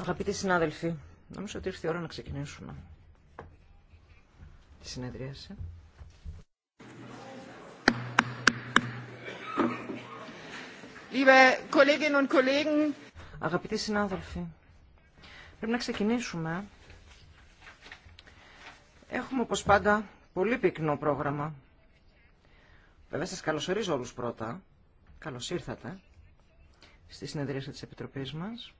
Αγαπητοί συνάδελφοι, νομίζω ότι ήρθε η ώρα να ξεκινήσουμε τη συνεδρίαση. Αγαπητοί συνάδελφοι, πρέπει να ξεκινήσουμε. Έχουμε όπως πάντα πολύ πυκνό πρόγραμμα. Βέβαια σας καλωσορίζω όλους πρώτα Καλώς ήρθατε στη συνεδρίαση της Επιτροπής μας.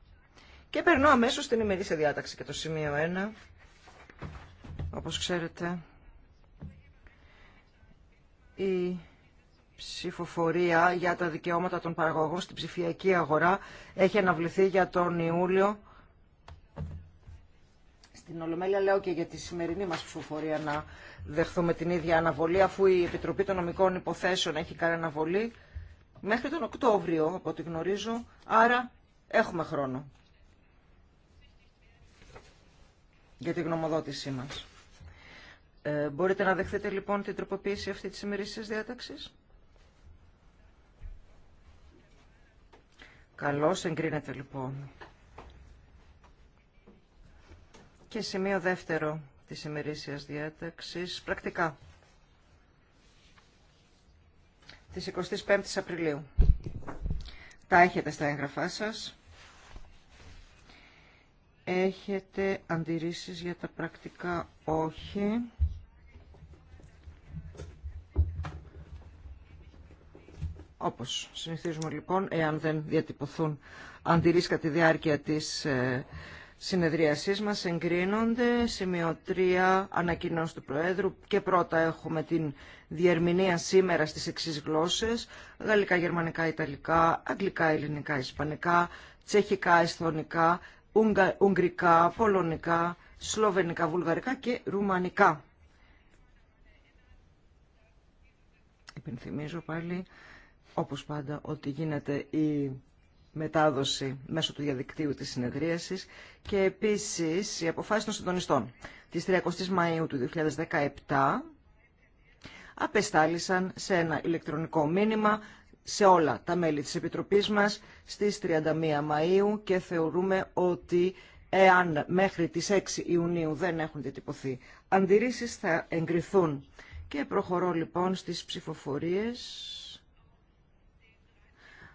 Και περνώ αμέσως στην ημερήσια διάταξη και το σημείο 1. Όπως ξέρετε, η ψηφοφορία για τα δικαιώματα των παραγωγών στην ψηφιακή αγορά έχει αναβληθεί για τον Ιούλιο. Στην Ολομέλεια λέω και για τη σημερινή μας ψηφοφορία να δεχθούμε την ίδια αναβολή, αφού η Επιτροπή των Νομικών Υποθέσεων έχει κάνει αναβολή μέχρι τον Οκτώβριο, από ό,τι γνωρίζω, άρα έχουμε χρόνο για τη γνωμοδότησή μας. Ε, μπορείτε να δεχθείτε λοιπόν την τροποποίηση αυτή της ημερήσιας διάταξης. Καλώς εγκρίνεται λοιπόν. Και σημείο δεύτερο της ημερήσιας διάταξης, πρακτικά της 25ης Απριλίου. Τα έχετε στα έγγραφά σας. Έχετε αντιρρήσεις για τα πρακτικά όχι. Όπως συνηθίζουμε λοιπόν, εάν δεν διατυπωθούν αντιρρήσεις κατά τη διάρκεια της ε, συνεδρίασής μας εγκρίνονται. Σημείο 3, του Προέδρου και πρώτα έχουμε την διερμηνία σήμερα στις εξή γλώσσες. Γαλλικά, γερμανικά, ιταλικά, αγγλικά, ελληνικά, ισπανικά, τσεχικά, εσθονικά, ουγγρικά, πολωνικά, σλοβενικά, βουλγαρικά και ρουμανικά. Υπενθυμίζω πάλι, όπως πάντα, ότι γίνεται η μετάδοση μέσω του διαδικτύου της συνεδρίασης και επίσης η αποφάση των συντονιστών της 30 Μαΐου του 2017 απεστάλησαν σε ένα ηλεκτρονικό μήνυμα σε όλα τα μέλη της Επιτροπής μας στις 31 Μαΐου και θεωρούμε ότι εάν μέχρι τις 6 Ιουνίου δεν έχουν διατυπωθεί αντιρρήσεις θα εγκριθούν. Και προχωρώ λοιπόν στις ψηφοφορίες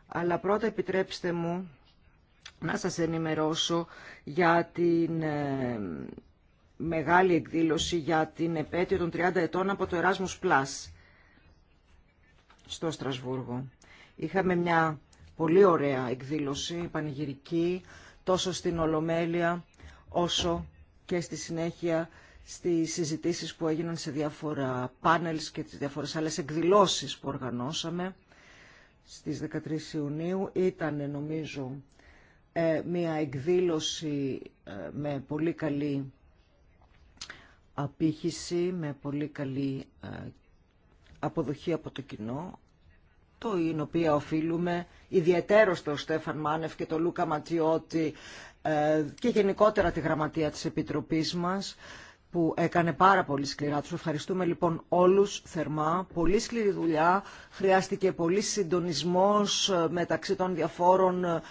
αλλά πρώτα επιτρέψτε μου να σας ενημερώσω για την ε, μεγάλη εκδήλωση για την επέτειο των 30 ετών από το Erasmus Plus στο Στρασβούργο. Είχαμε μια πολύ ωραία εκδήλωση πανηγυρική τόσο στην Ολομέλεια όσο και στη συνέχεια στις συζητήσεις που έγιναν σε διάφορα πάνελς και τις διάφορες άλλες εκδηλώσεις που οργανώσαμε στις 13 Ιουνίου ήταν νομίζω ε, μια εκδήλωση ε, με πολύ καλή απήχηση, με πολύ καλή ε, αποδοχή από το κοινό, το οποίο οποία οφείλουμε ιδιαίτερο στο Στέφαν Μάνεφ και το Λούκα Ματιώτη και γενικότερα τη γραμματεία της Επιτροπής μας που έκανε πάρα πολύ σκληρά. Τους ευχαριστούμε λοιπόν όλους θερμά. Πολύ σκληρή δουλειά. Χρειάστηκε πολύ συντονισμός ε, μεταξύ των διαφόρων ε,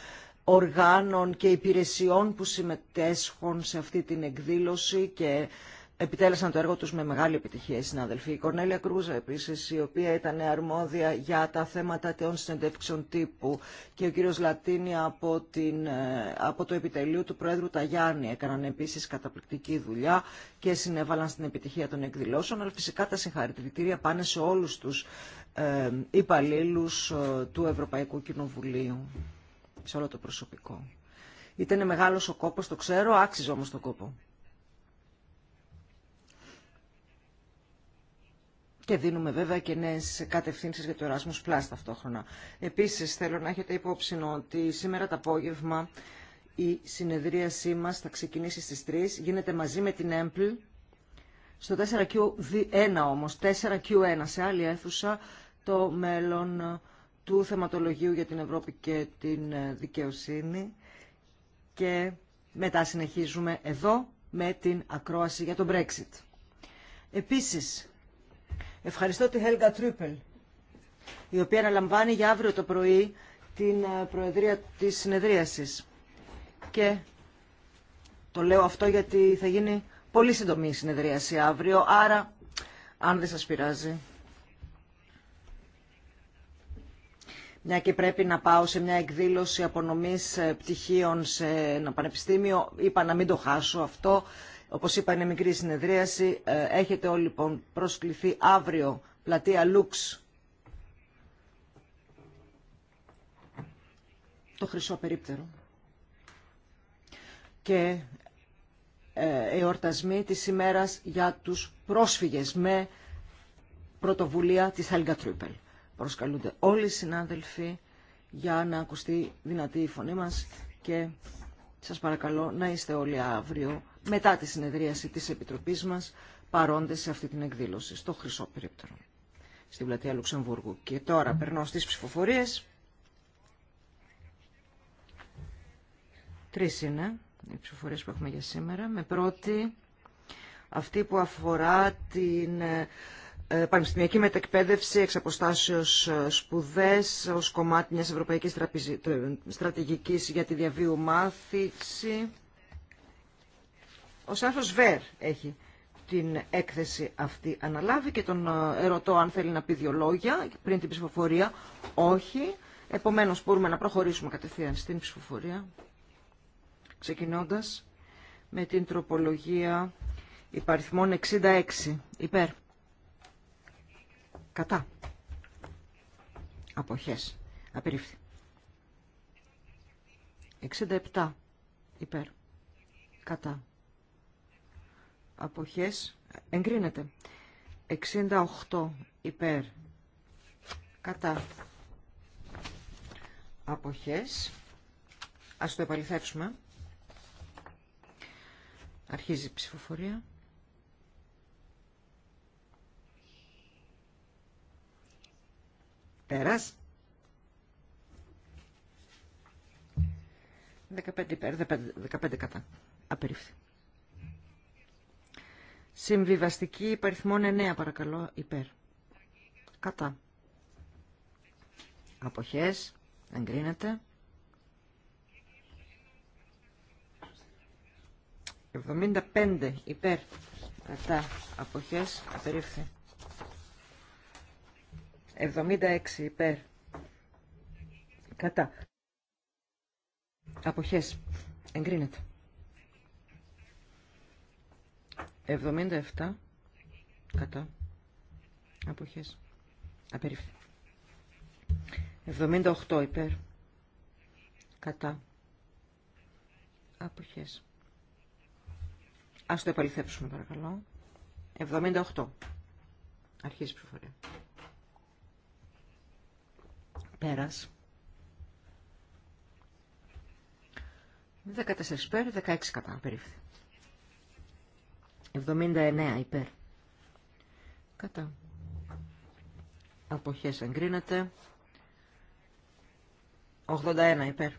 οργάνων και υπηρεσιών που συμμετέσχουν σε αυτή την εκδήλωση και επιτέλεσαν το έργο τους με μεγάλη επιτυχία οι συνάδελφοι. Η Κορνέλια Κρούζα επίσης, η οποία ήταν αρμόδια για τα θέματα τεών συνεντεύξεων τύπου και ο κύριος Λατίνη από, την, ε, από το επιτελείο του Πρόεδρου Ταγιάννη έκαναν επίσης καταπληκτική δουλειά και συνέβαλαν στην επιτυχία των εκδηλώσεων, αλλά φυσικά τα συγχαρητήρια πάνε σε όλους τους ε, υπαλλήλου ε, του Ευρωπαϊκού Κοινοβουλίου, σε όλο το προσωπικό. Ήταν μεγάλος ο κόπος, το ξέρω, άξιζε όμως τον κόπο. και δίνουμε βέβαια και νέε κατευθύνσει για το Erasmus Plus ταυτόχρονα. Επίση, θέλω να έχετε υπόψη ότι σήμερα το απόγευμα η συνεδρίασή μα θα ξεκινήσει στι 3. Γίνεται μαζί με την ΕΜΠΛ. Στο 4Q1 όμω, 4Q1 σε άλλη αίθουσα, το μέλλον του θεματολογίου για την Ευρώπη και την ε, δικαιοσύνη. Και μετά συνεχίζουμε εδώ με την ακρόαση για τον Brexit. Επίσης, Ευχαριστώ τη Χέλγα Τρούπελ, η οποία αναλαμβάνει για αύριο το πρωί την ε, προεδρία της συνεδρίασης. Και το λέω αυτό γιατί θα γίνει πολύ σύντομη η συνεδρίαση αύριο, άρα αν δεν σας πειράζει. Μια και πρέπει να πάω σε μια εκδήλωση απονομής ε, πτυχίων σε ένα πανεπιστήμιο, είπα να μην το χάσω αυτό όπως είπα είναι μικρή συνεδρίαση. Ε, έχετε όλοι λοιπόν προσκληθεί αύριο πλατεία Λουξ. Το χρυσό περίπτερο. Και ε, εορτασμοί της ημέρας για τους πρόσφυγες με πρωτοβουλία της Helga Trüppel. Προσκαλούνται όλοι οι συνάδελφοι για να ακουστεί δυνατή η φωνή μας και σας παρακαλώ να είστε όλοι αύριο μετά τη συνεδρίαση της Επιτροπής μας παρόντες σε αυτή την εκδήλωση, στο Χρυσό Περίπτερο, στην πλατεία Λουξεμβούργου. Και τώρα περνώ στις ψηφοφορίες. Τρεις είναι οι ψηφοφορίες που έχουμε για σήμερα. Με πρώτη αυτή που αφορά την ε, ε, πανεπιστημιακή μετεκπαίδευση εξ αποστάσεως ε, σπουδές ως κομμάτι μιας ευρωπαϊκής στρατηγικής για τη διαβίου μάθηση. Ο Σάρθος Βέρ έχει την έκθεση αυτή αναλάβει και τον ε, ερωτώ αν θέλει να πει δύο λόγια πριν την ψηφοφορία. Όχι. Επομένως μπορούμε να προχωρήσουμε κατευθείαν στην ψηφοφορία. Ξεκινώντας με την τροπολογία υπαριθμών 66. Υπέρ. Κατά. Αποχές. Απερίφθη. 67. Υπέρ. Κατά αποχές εγκρίνεται. 68 υπέρ κατά αποχές. Ας το επαληθεύσουμε. Αρχίζει η ψηφοφορία. Πέρας. 15 υπέρ, 15 κατά. Απερίφθη. Συμβιβαστική υπαριθμών 9 παρακαλώ υπέρ. Κατά. Αποχές. Εγκρίνεται. 75 υπέρ. Κατά. Αποχές. Απερίφθη. 76 υπέρ. Κατά. Αποχές. Εγκρίνεται. 77 κατά αποχές απερίφθη 78 υπέρ κατά αποχές ας το επαληθέψουμε παρακαλώ 78 αρχίζει η ψηφοφορία πέρας 14 υπέρ 16 κατά απερίφθη 79 υπέρ. Κατά. Αποχές εγκρίνεται. 81 υπέρ.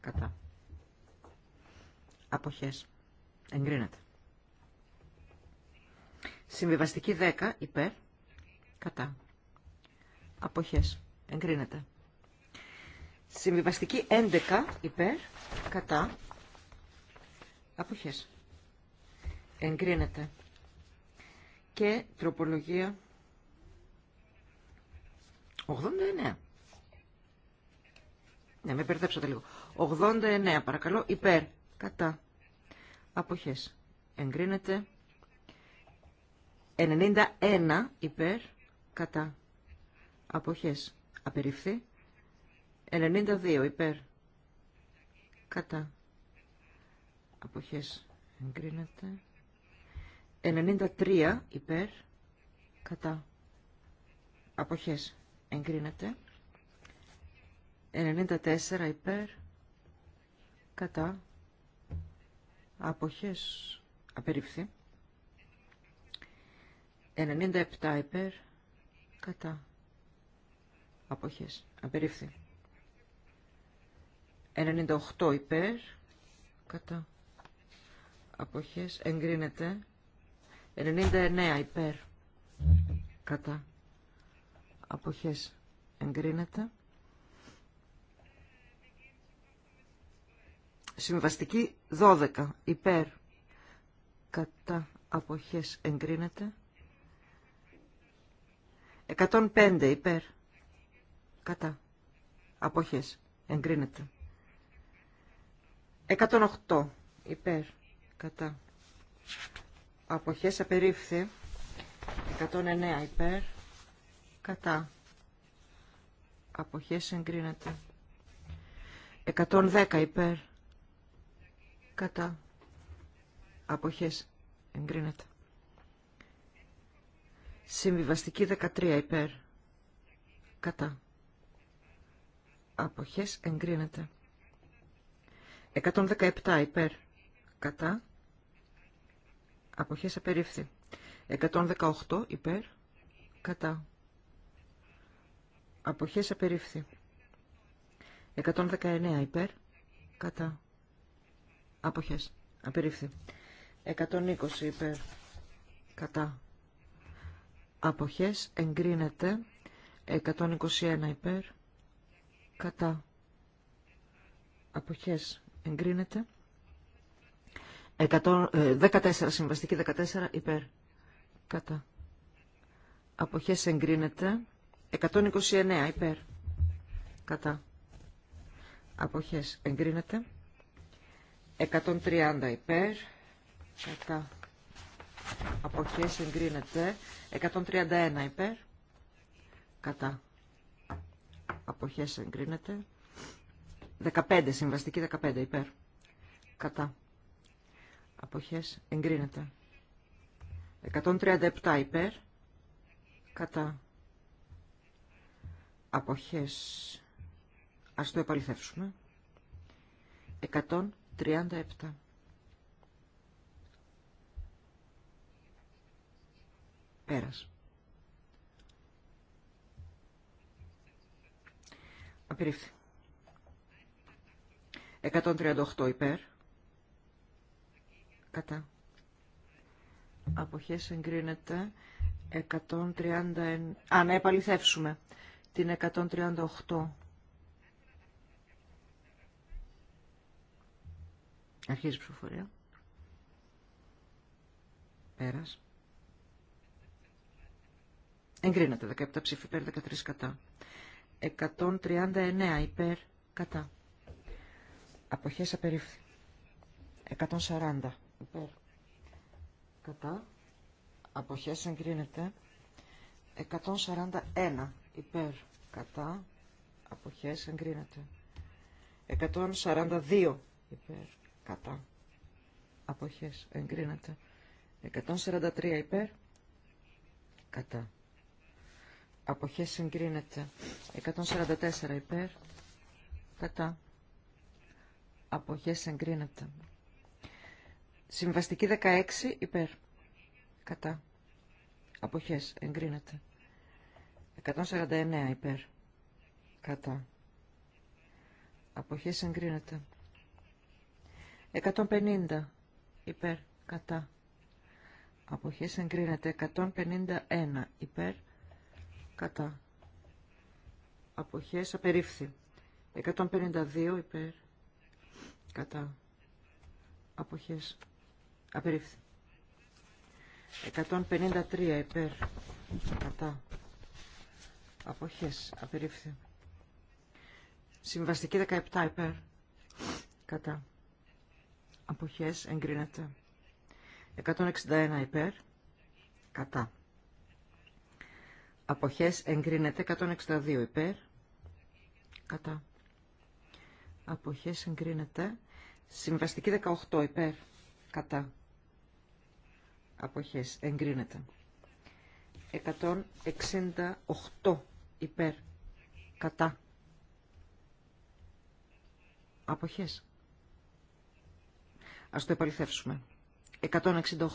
Κατά. Αποχές. Εγκρίνεται. Συμβιβαστική 10 υπέρ. Κατά. Αποχές. Εγκρίνεται. Συμβιβαστική 11 υπέρ. Κατά. Αποχές εγκρίνεται. Και τροπολογία 89. Ναι, με περδέψατε λίγο. 89, παρακαλώ, υπέρ, κατά, αποχές, εγκρίνεται. 91 υπέρ, κατά, αποχές, απεριφθεί. 92 υπέρ, κατά, αποχές, εγκρίνεται. 93 υπέρ κατά αποχές εγκρίνεται 94 υπέρ κατά αποχές απερίφθη 97 υπέρ κατά αποχές απερίφθη 98 υπέρ κατά αποχές εγκρίνεται 99 υπέρ κατά αποχές εγκρίνεται. Συμβαστική 12 υπέρ κατά αποχές εγκρίνεται. 105 υπέρ κατά αποχές εγκρίνεται. 108 υπέρ κατά αποχές απερίφθη 109 υπέρ κατά αποχές εγκρίνεται 110 υπέρ κατά αποχές εγκρίνεται συμβιβαστική 13 υπέρ κατά αποχές εγκρίνεται 117 υπέρ κατά Αποχές απερίφθη. 118 υπέρ. Κατά. Αποχές απερίφθη. 119 υπέρ. Κατά. Αποχές. Απερίφθη. 120 υπέρ. Κατά. Αποχές εγκρίνεται. 121 υπέρ. Κατά. Αποχές εγκρίνεται. 14 ε, συμβαστική 14 υπέρ. Κατά. Αποχές εγκρίνεται. 129 υπέρ. Κατά. Αποχές εγκρίνεται. 130 υπέρ. Κατά. Αποχές εγκρίνεται. 131 υπέρ. Κατά. Αποχές εγκρίνεται. 15 συμβαστική 15 υπέρ. Κατά αποχές εγκρίνεται. 137 υπέρ κατά αποχές ας το επαληθεύσουμε 137 πέρας απερίφθη 138 υπέρ κατά αποχές εγκρίνεται Α, να επαληθεύσουμε την 138 αρχίζει η ψηφοφορία πέρας εγκρίνεται 17 ψήφι υπέρ 13 κατά 139 υπέρ κατά αποχές απερίφθη 140 υπέρ κατά αποχές συγκρίνεται 141 υπέρ κατά αποχές εγκρίνεται 142 υπέρ κατά αποχές εγκρίνεται 143 υπέρ κατά αποχές εγκρίνεται. 144 υπέρ κατά αποχές εγκρίνεται Συμβαστική 16 υπέρ. Κατά. Αποχές. Εγκρίνεται. 149 υπέρ. Κατά. Αποχές εγκρίνεται. 150 υπέρ. Κατά. Αποχές εγκρίνεται. 151 υπέρ. Κατά. Αποχές απερίφθη. 152 υπέρ. Κατά. Αποχές Απερίφθη. 153 υπέρ. Κατά. Αποχές. Απερίφθη. Συμβαστική 17 υπέρ. Κατά. Αποχές. Εγκρίνεται. 161 υπέρ. Κατά. Αποχές εγκρίνεται 162 υπέρ. Κατά. Αποχές εγκρίνεται. Συμβαστική 18 υπέρ. Κατά αποχές εγκρίνεται 168 υπέρ κατά αποχές ας το επαληθεύσουμε 168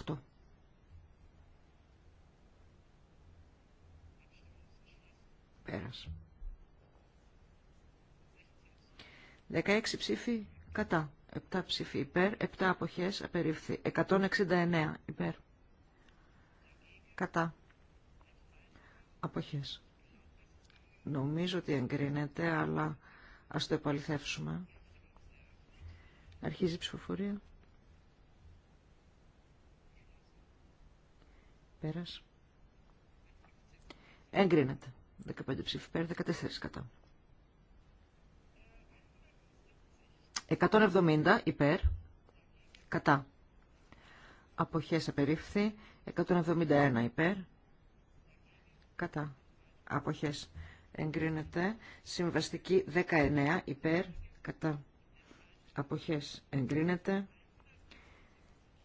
πέρας 16 ψήφοι κατά 7 ψήφοι υπέρ 7 αποχές απερίφθη 169 υπέρ Κατά. Αποχές. Νομίζω ότι εγκρίνεται, αλλά ας το επαληθεύσουμε. Αρχίζει η ψηφοφορία. Πέρας. Εγκρίνεται. 15 ψήφι πέρα, 14 κατά. 170 υπέρ, κατά. Αποχές απερίφθη. 171 υπέρ. Κατά. Αποχές. Εγκρίνεται. Συμβαστική 19 υπέρ. Κατά. Αποχές. Εγκρίνεται.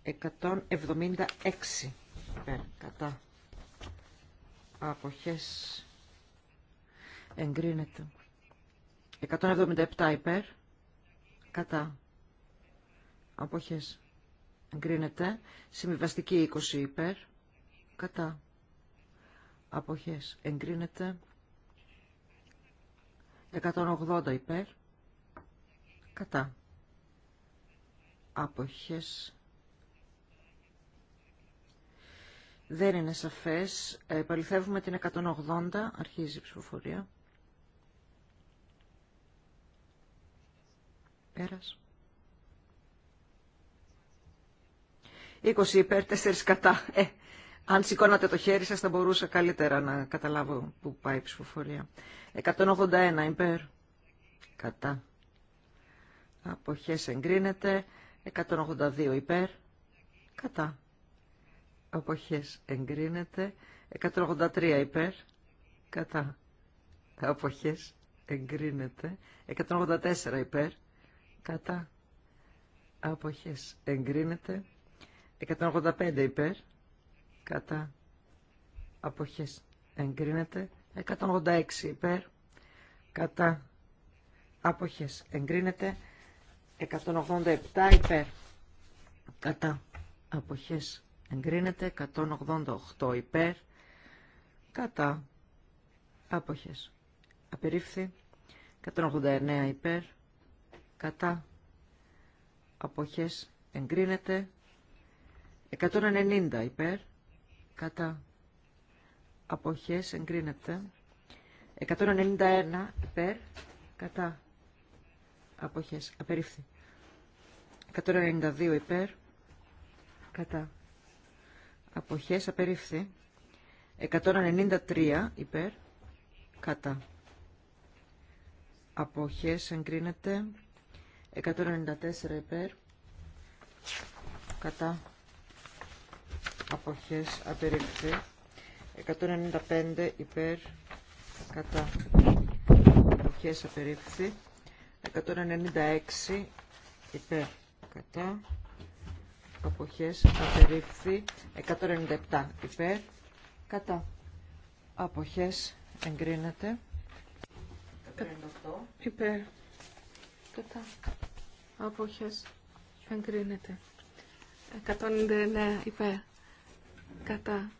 176 υπέρ. Κατά. Αποχές. Εγκρίνεται. 177 υπέρ. Κατά. Αποχές Εγκρίνεται. Συμβιβαστική 20 υπέρ. Κατά. Αποχές. Εγκρίνεται. 180 υπέρ. Κατά. Αποχές. Δεν είναι σαφές. Ε, επαληθεύουμε την 180. Αρχίζει η ψηφοφορία. Πέρας. 20 υπέρ, 4 κατά. Ε, αν σηκώνατε το χέρι σας θα μπορούσα καλύτερα να καταλάβω που πάει η ψηφοφορία. 181 υπέρ, κατά. Αποχές εγκρίνεται. 182 υπέρ, κατά. Αποχές εγκρίνεται. 183 υπέρ, κατά. Αποχές εγκρίνεται. 184 υπέρ, κατά. Αποχές εγκρίνεται. 185 υπέρ, κατά αποχές εγκρίνεται. 186 υπέρ, κατά αποχές εγκρίνεται. 187 υπέρ, κατά αποχές εγκρίνεται. 188 υπέρ, κατά άποχες. Απερίφθη 189 υπέρ, κατά αποχές εγκρίνεται 190 υπέρ, κατά αποχές εγκρίνεται. 191 υπέρ, κατά αποχές απερίφθη. 192 υπέρ, κατά αποχές απερίφθη. 193 υπέρ, κατά αποχές εγκρίνεται. 194 υπέρ, κατά αποχές απερίφθη 195 υπέρ κατά αποχές απερίφθη 196 υπέρ κατά αποχές απερίφθη 197 υπέρ κατά αποχές εγκρίνεται 198 υπέρ κατά αποχές εγκρίνεται 199 υπέρ κατά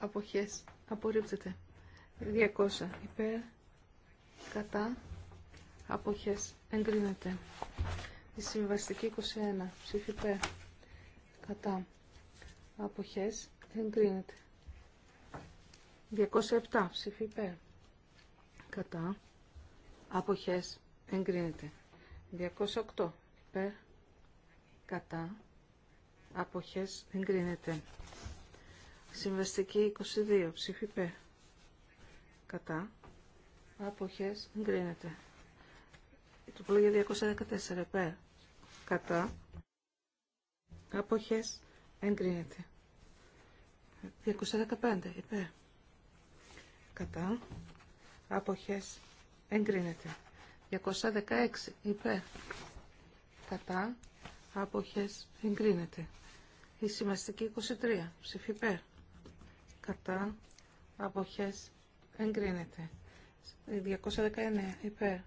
αποχές απορρίπτεται 200 υπέρ κατά αποχές εγκρίνεται η συμβαστική 21 ψήφι υπέρ κατά αποχές εγκρίνεται 207 ψήφι υπέρ κατά αποχές εγκρίνεται 208 υπέρ κατά αποχές δεν κρίνεται. Συμβαστική 22 ψήφι κατά αποχές δεν εγκρίνεται. Η τροπολογία 214 πέ. κατά αποχές δεν κρίνεται. 215 Υπέ. κατά αποχές εγκρίνεται. 216 Υπέ. κατά αποχές εγκρίνεται. Η σημαστική 23 ψήφι κατά αποχές εγκρίνεται. 219 υπέρ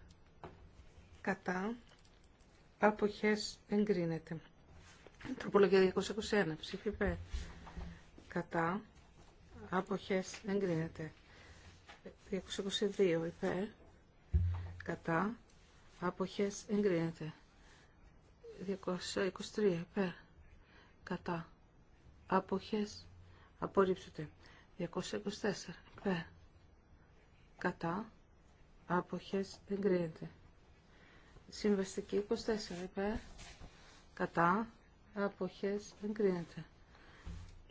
κατά αποχές εγκρίνεται. Τροπολογία 221 ψήφι υπέρ κατά αποχές εγκρίνεται. 222 υπέρ κατά αποχές εγκρίνεται. 223 υπέρ κατά αποχές Απορρίψετε. 224 υπέρ κατά αποχές εγκρίνεται συμβαστική 24 υπέρ κατά αποχές εγκρίνεται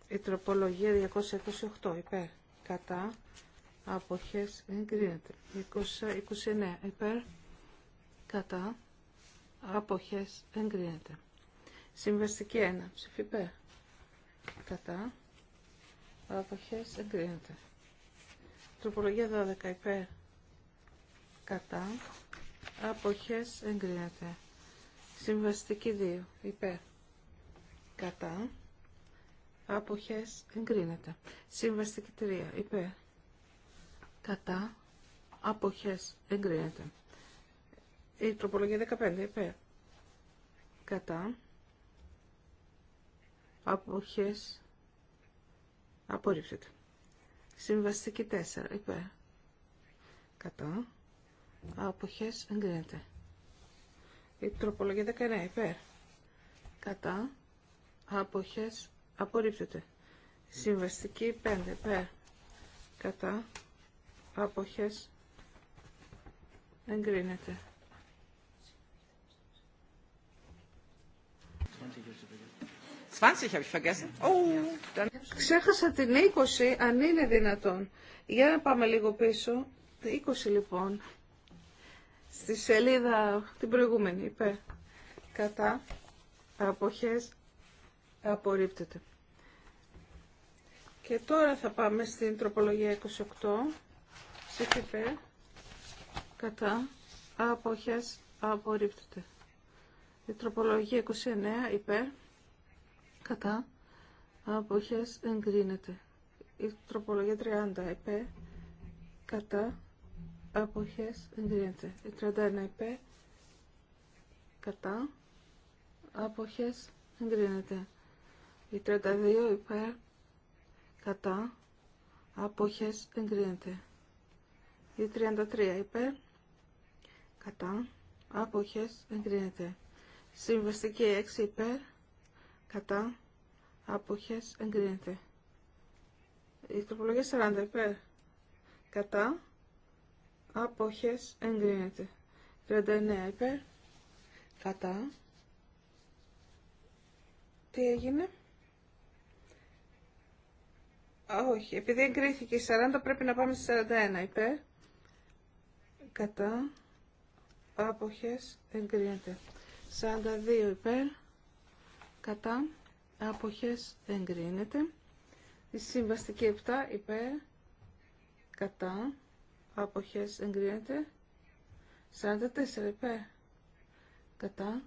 η τροπολογία 228 υπέρ κατά αποχές εγκρίνεται 229 υπέρ κατά αποχές εγκρίνεται. Συμβαστική 1. ψηφιπε. Κατά. Αποχές εγκρίνεται. Τροπολογία 12. Υπέρ. Κατά. Αποχές εγκρίνεται. Συμβαστική 2. Υπέρ. Κατά. Αποχές εγκρίνεται. Συμβαστική 3. Υπέρ. Κατά. Αποχές εγκρίνεται. Η τροπολογία 15 είπε, Κατά. Αποχές. Απορρίψετε. Συμβαστική 4 είπε, Κατά. Αποχές εγκρίνεται. Η τροπολογία 19 είπε, Κατά. Αποχές απορρίπτεται. Συμβαστική 5 υπέρ. Κατά. Αποχές εγκρίνεται. 20 habe oh, Ξέχασα την 20, αν είναι δυνατόν. Για να πάμε λίγο πίσω. 20 λοιπόν. Στη σελίδα την προηγούμενη, είπε. Κατά αποχές απορρίπτεται. Και τώρα θα πάμε στην τροπολογία 28. είπε, Κατά αποχές απορρίπτεται. Η τροπολογία 29 υπέρ κατά αποχές εγκρίνεται. Η τροπολογία 30 επέ κατά αποχές εγκρίνεται. Η 31 επέ κατά αποχές εγκρίνεται. Η 32 υπέρ κατά αποχές εγκρίνεται. Η 33 υπέρ κατά αποχές εγκρίνεται. Συμβαστική 6 υπέρ κατά αποχές εγκρίνεται. Η τροπολογία 40 υπέρ κατά αποχές εγκρίνεται. 39 υπέρ κατά τι έγινε. όχι, επειδή εγκρίθηκε η 40 πρέπει να πάμε στη 41 υπέρ κατά αποχές εγκρίνεται. 42 υπέρ κατά αποχές εγκρίνεται. Η συμβαστική 7 υπέρ κατά αποχές εγκρίνεται. 44 υπέρ κατά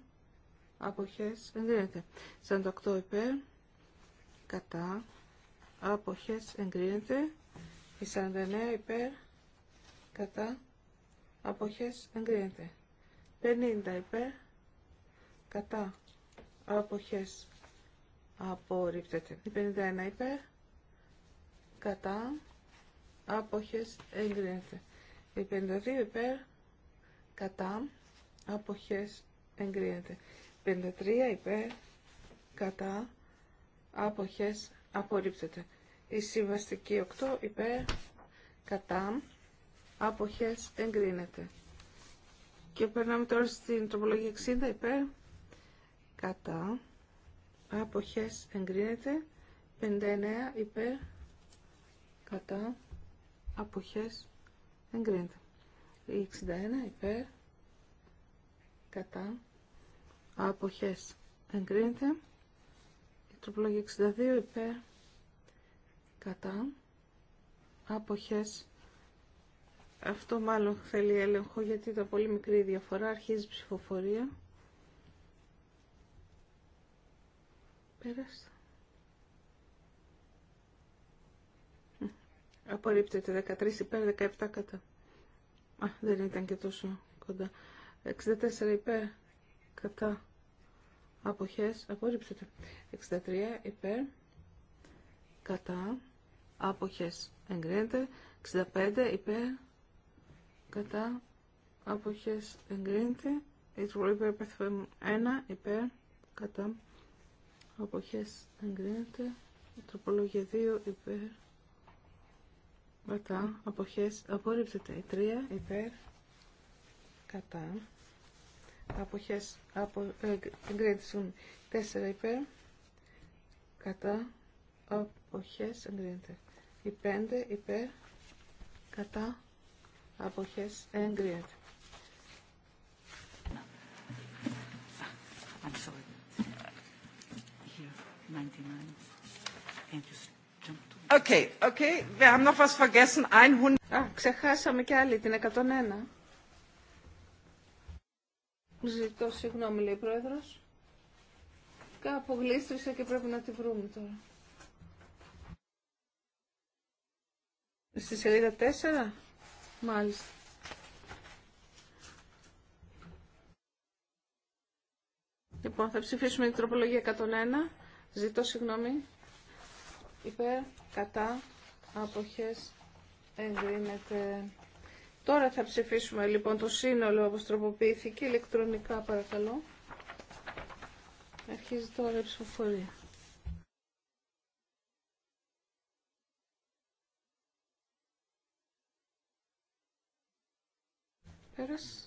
αποχές εγκρίνεται. 48 υπέρ κατά αποχές εγκρίνεται. Η 49 υπέρ κατά αποχές εγκρίνεται. 50 υπέρ κατά αποχές απορρίπτεται. 51 είπε, κατά, αποχές εγκρίνεται. 52 υπέρ, κατά, αποχές εγκρίνεται. 53 υπέρ, κατά, αποχές απορρίπτεται. Η συμβαστική 8 υπέρ, κατά, αποχές εγκρίνεται. Και περνάμε τώρα στην τροπολογία 60 υπέρ, κατά αποχές εγκρίνεται 59 υπέρ κατά αποχές εγκρίνεται 61 υπέρ κατά αποχές εγκρίνεται η τροπολογία 62 υπέρ κατά αποχές αυτό μάλλον θέλει έλεγχο γιατί ήταν πολύ μικρή διαφορά αρχίζει η ψηφοφορία Πέρας. Απορρίπτεται 13 υπέρ, 17 κατά. Α, δεν ήταν και τόσο κοντά. 64 υπέρ, κατά. Αποχές, απορρίπτεται. 63 υπέρ, κατά. Αποχές, εγκρίνεται. 65 υπέρ, κατά. Αποχές, εγκρίνεται. Η υπέρ 1 υπέρ, κατά αποχές εγκρίνεται τροπολογία 2 υπέρ κατά αποχές απορρίπτεται 3 υπέρ κατά αποχές απο, ε, εγκρίνεται 4 υπέρ κατά αποχές εγκρίνεται η 5 υπέρ κατά αποχές εγκρίνεται Okay, okay. Wir haben noch was vergessen. 100. Ah, ξεχάσαμε και άλλη την 101. Ζητώ συγγνώμη, λέει η Πρόεδρος. Κάπου γλίστρισε και πρέπει να τη βρούμε τώρα. Στη σελίδα 4, μάλιστα. Λοιπόν, θα ψηφίσουμε την τροπολογία 101. Ζητώ συγγνώμη. Υπέρ, κατά, αποχές, εγκρίνεται. Τώρα θα ψηφίσουμε λοιπόν το σύνολο όπως τροποποιήθηκε ηλεκτρονικά παρακαλώ. Αρχίζει τώρα η ψηφοφορία. Πέρασε.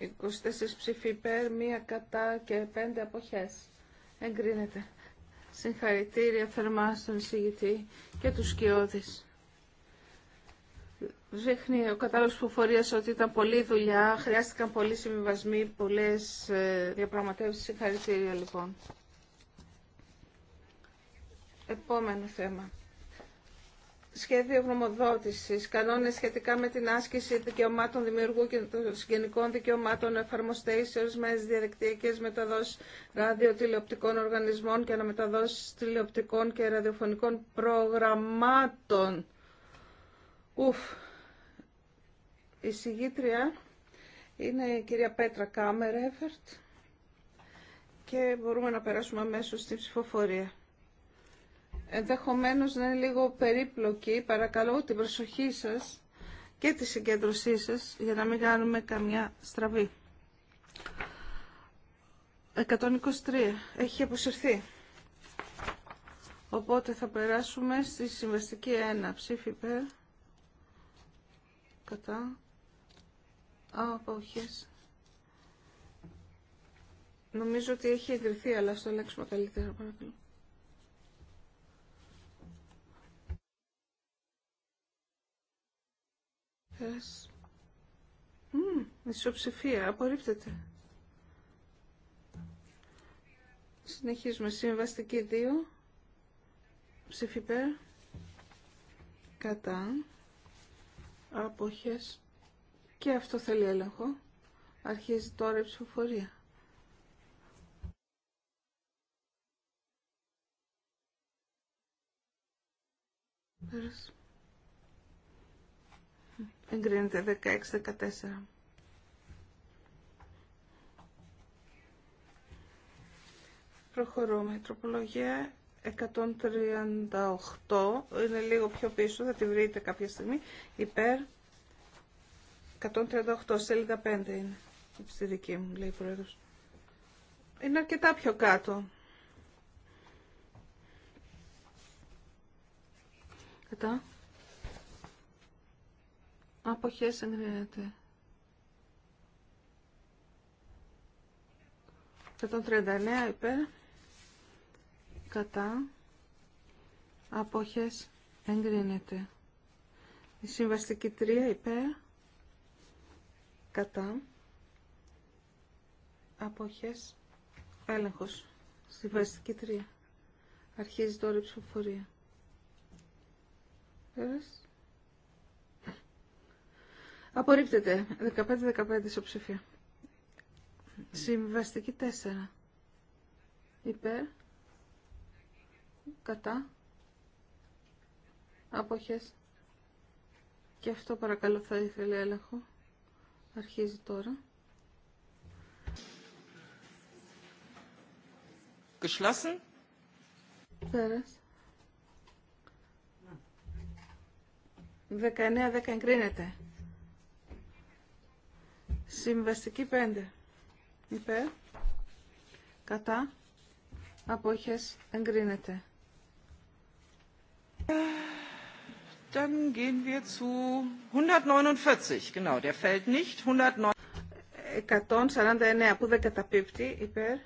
24 ψήφοι υπέρ, μία κατά και πέντε αποχές. Εγκρίνεται. Συγχαρητήρια θερμά στον εισηγητή και τους σκιώδης. Δείχνει ο που φορείας ότι ήταν πολλή δουλειά, χρειάστηκαν πολλοί συμβιβασμοί, πολλές ε, διαπραγματεύσεις. Συγχαρητήρια λοιπόν. Επόμενο θέμα σχέδιο γνωμοδότησης, κανόνες σχετικά με την άσκηση δικαιωμάτων δημιουργού και των συγγενικών δικαιωμάτων εφαρμοστεί σε ορισμένε διαδικτυακές μεταδόσεις ραδιοτηλεοπτικών οργανισμών και αναμεταδόσεις τηλεοπτικών και ραδιοφωνικών προγραμμάτων. Ουφ. Η συγγήτρια είναι η κυρία Πέτρα Κάμερ και μπορούμε να περάσουμε αμέσως στην ψηφοφορία ενδεχομένως να είναι λίγο περίπλοκη. Παρακαλώ την προσοχή σας και τη συγκέντρωσή σας για να μην κάνουμε καμιά στραβή. 123. Έχει αποσυρθεί. Οπότε θα περάσουμε στη συμβαστική 1. Ψήφι Κατά. Α, Νομίζω ότι έχει εγκριθεί, αλλά στο λέξουμε καλύτερα παρακαλώ. Μισοψηφία. Μισοψηφία. Απορρίπτεται. Συνεχίζουμε. Συμβαστική 2. Ψηφιπέρ. Κατά. Απόχες. Και αυτό θέλει έλεγχο. Αρχίζει τώρα η ψηφοφορία. Εγκρίνεται 16-14. Προχωρούμε. Η τροπολογία 138 είναι λίγο πιο πίσω, θα τη βρείτε κάποια στιγμή. Υπέρ 138, σελίδα 5 είναι. Στη δική μου, λέει η Είναι αρκετά πιο κάτω. Κατά. Αποχές εγκρίνεται. 139 υπέρ. Κατά. Αποχές εγκρίνεται. Η συμβαστική 3 υπέρ. Κατά. Αποχές έλεγχος. Συμβαστική 3. Αρχίζει τώρα η ψηφοφορία. Απορρίπτεται. 15-15 ισοψηφία. Συμβαστική 4. Υπέρ. Κατά. Αποχές. Και αυτό παρακαλώ θα ήθελε έλεγχο. Αρχίζει τώρα. Geschlossen. Πέρας. 19-10 εγκρίνεται. Συμβαστική 5. Υπέρ. Κατά. Απόχες εγκρίνεται. Dann gehen wir zu 149. Genau, der fällt nicht. 149 που δεν καταπίπτει. Υπέρ.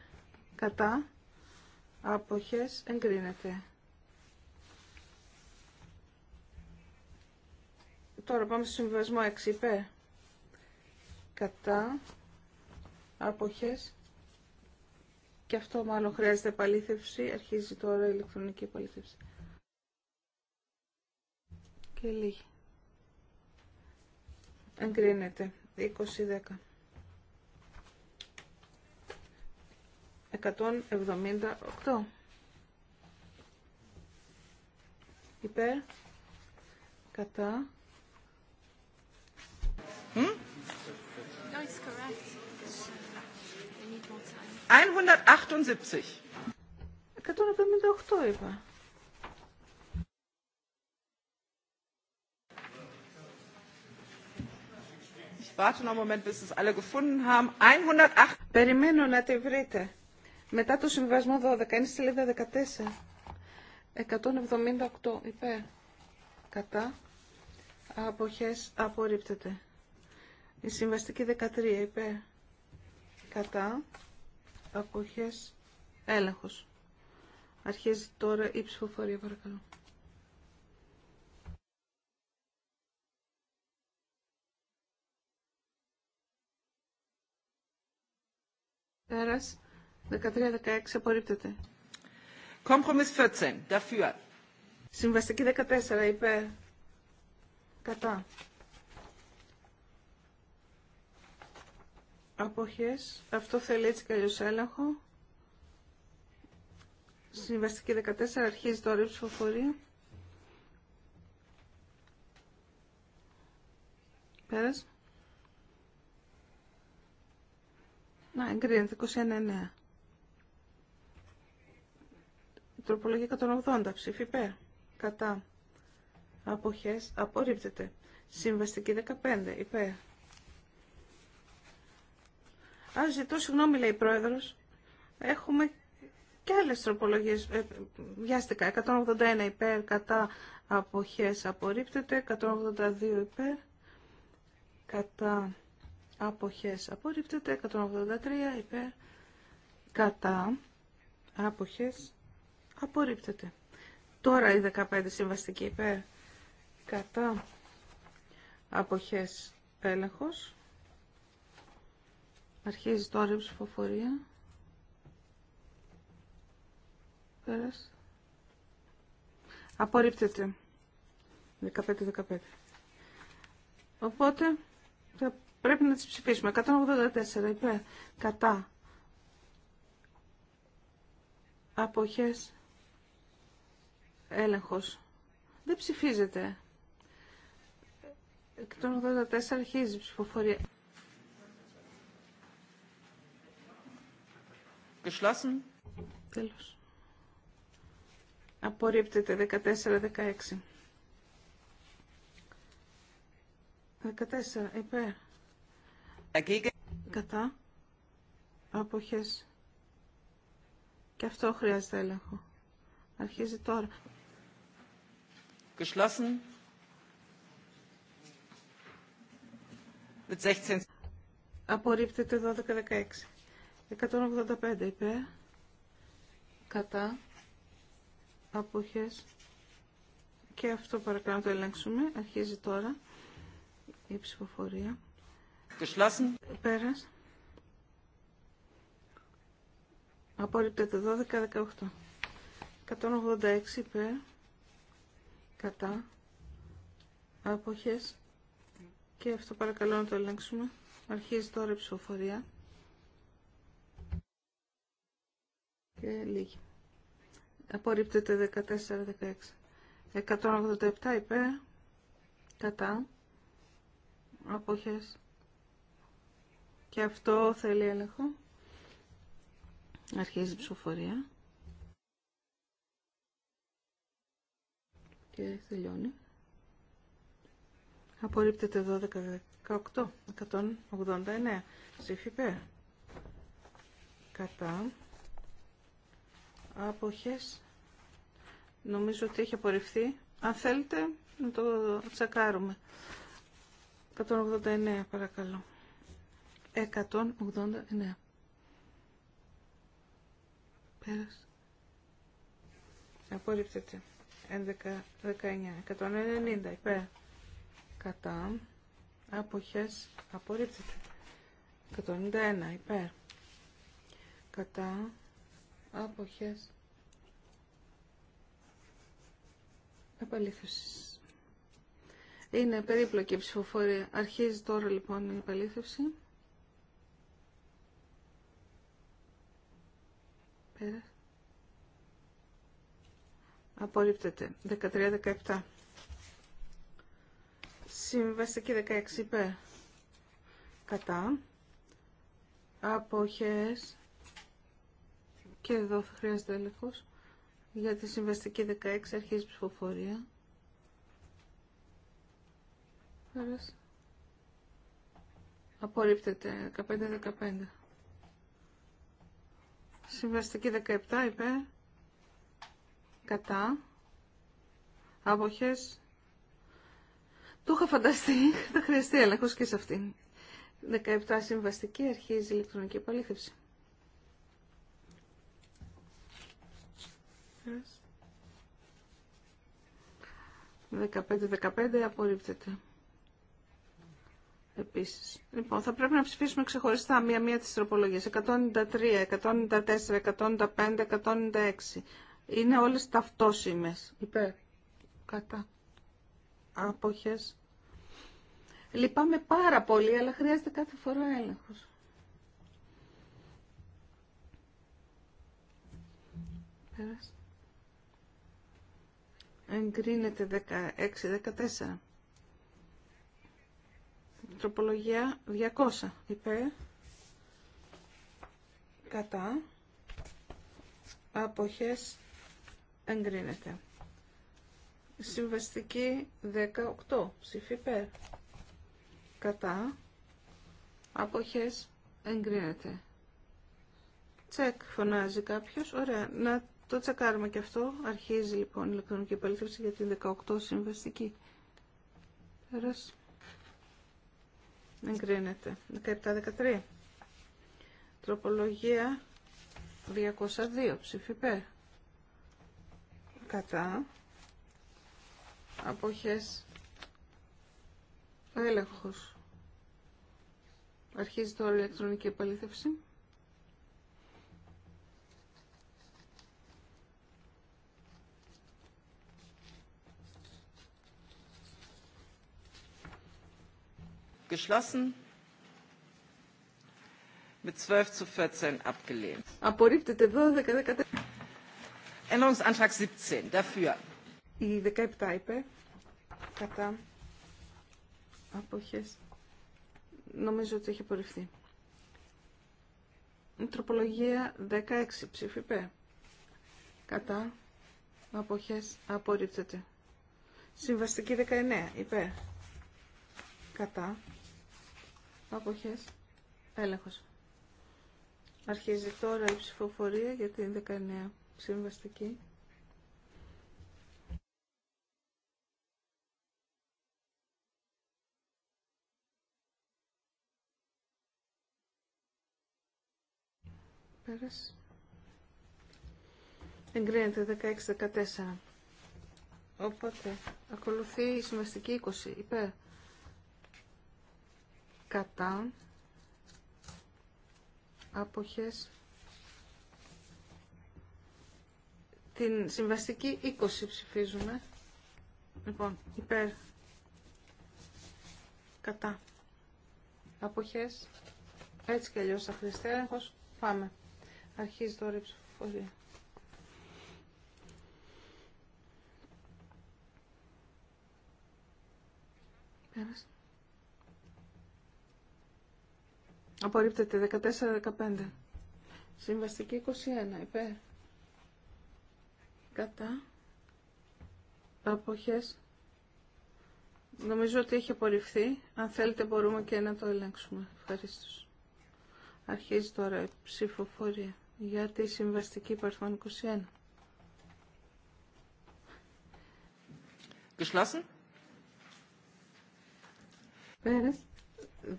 Κατά. Απόχες εγκρίνεται. Τώρα πάμε στο συμβιβασμό 6 υπέρ κατά άποχες και αυτό μάλλον χρειάζεται επαλήθευση αρχίζει τώρα η ηλεκτρονική επαλήθευση και λίγη εγκρίνεται 20-10 178 υπέρ κατά 178. 178 είπα. Περιμένω να τη βρείτε. Μετά το συμβασμό 12, είναι στη σελίδα 14. 178 υπέρ. Κατά. Αποχές απορρίπτεται. Η συμβαστική 13 υπέρ. Κατά αποχές, έλεγχος. Αρχίζει τώρα η ψηφοφορία, παρακαλώ. Πέρας, 13-16 απορρίπτεται. 14, dafür. Συμβαστική 14, υπέρ. Κατά. αποχές. Αυτό θέλει έτσι αλλιώς έλεγχο. Συμβαστική 14 αρχίζει τώρα η ψηφοφορία. Πέρας. Να, εγκρίνεται 29-9. Ναι. Τροπολογία 180 ψήφι υπέρ. Κατά. Αποχές απορρίπτεται. Συμβαστική 15 υπέρ. Α, ζητώ συγγνώμη, λέει η πρόεδρος. Έχουμε και άλλε τροπολογίε. Ε, βιάστηκα. 181 υπέρ κατά αποχές απορρίπτεται. 182 υπέρ κατά αποχές απορρίπτεται. 183 υπέρ κατά αποχές απορρίπτεται. Τώρα η 15 συμβαστική υπέρ κατά αποχές έλεγχος. Αρχίζει τώρα η ψηφοφορία. Πέρασε. Απορρίπτεται. 15-15. Οπότε θα πρέπει να τις ψηφίσουμε. 184 υπέρ. Κατά. Αποχές. Έλεγχος. Δεν ψηφίζεται. 184 αρχίζει η ψηφοφορία. Geschlossen. Τέλος. Απορρίπτεται 14-16. 14 υπέρ. Κατά. Αποχές. Και αυτό χρειάζεται έλεγχο. Αρχίζει τώρα. Geschlossen. Mit 16. Απορρίπτεται 12-16. 185 υπέρ κατά αποχές και αυτό παρακαλώ να το ελέγξουμε αρχίζει τώρα η ψηφοφορία Geschlossen. περας το απορρίπτεται 12-18 186 υπέρ κατά αποχές και αυτό παρακαλώ να το ελέγξουμε αρχίζει τώρα η ψηφοφορία και λίγη. Απορρίπτεται 14-16. 187 Είπε. κατά, αποχές. Και αυτό θέλει έλεγχο. Αρχίζει η ψηφοφορία. Και τελειώνει. Απορρίπτεται 12-18. 189. Ψήφι Κατά άποχες. Νομίζω ότι έχει απορριφθεί. Αν θέλετε να το τσακάρουμε. 189 παρακαλώ. 189. Πέρασε. Απορρίπτεται. 11, 19. 190 υπέρ. Κατά. Αποχές. Απορρίπτεται. 191 υπέρ. Κατά αποχές επαλήθευσης. Είναι περίπλοκη η ψηφοφορία. Αρχίζει τώρα λοιπόν η επαλήθευση. Πέρα. Απορρίπτεται. 13-17. Συμβαστική 16 υπέρ. Κατά. Αποχές και εδώ θα χρειάζεται έλεγχος. Για τη συμβαστική 16 αρχίζει ψηφοφορία. Πέρασε. Απορρίπτεται 15-15. Συμβαστική 17 είπε Κατά. Άποχες. Το είχα φανταστεί. Θα χρειαστεί έλεγχος και σε αυτήν. 17 συμβαστική αρχίζει ηλεκτρονική επαλήθευση. 15 15-15 απορρίπτεται. Επίσης. Λοιπόν, θα πρέπει να ψηφίσουμε ξεχωριστά μία-μία τις τροπολογίες. 193, 194, 195, 196. Είναι όλες Λιπάμε Υπέρ. Κατά. Αποχές. Λυπάμαι πάρα πολύ, αλλά χρειάζεται κάθε φορά έλεγχος. Πέρασε εγκρίνεται 16-14. Τροπολογία 200 υπέρ κατά αποχές εγκρίνεται. Συμβαστική 18 ψήφι υπέρ κατά αποχές εγκρίνεται. Τσεκ φωνάζει κάποιος. Ωραία. Να το τσακάρουμε και αυτό. Αρχίζει λοιπόν η ηλεκτρονική επαλήθευση για την 18 συμβαστική. Πέρας. Εγκρίνεται. 17-13. Τροπολογία 202. Ψήφι Κατά. Αποχές. Έλεγχος. Αρχίζει τώρα η ηλεκτρονική επαλήθευση. Geschlossen. Mit 12 zu 14 abgelehnt. Απορρίπτεται 12-14. Änderungsantrag 17. Dafür. Η 17 είπε. Κατά. Αποχές. Νομίζω ότι έχει απορριφθεί. τροπολογία 16. Ψήφι είπε. Κατά. Αποχές. Απορρίπτεται. Συμβαστική 19. Είπε. Κατά αποχές, έλεγχος. Αρχίζει τώρα η ψηφοφορία για την 19 συμβαστική. Πέρασε. Εγκρίνεται 16-14. Οπότε ακολουθεί η συμβαστική 20 υπέρ κατά αποχές την συμβαστική 20 ψηφίζουμε λοιπόν υπέρ κατά αποχές έτσι κι αλλιώς θα χρειαστεί έλεγχος πάμε αρχίζει τώρα η ψηφοφορία Πέρασε. Απορρίπτεται 14-15. Συμβαστική 21. Υπέρ. Κατά. Αποχές. Νομίζω ότι έχει απορριφθεί. Αν θέλετε μπορούμε και να το ελέγξουμε. Ευχαριστώ. Αρχίζει τώρα η ψηφοφορία για τη συμβαστική παρθών 21. Geschlossen.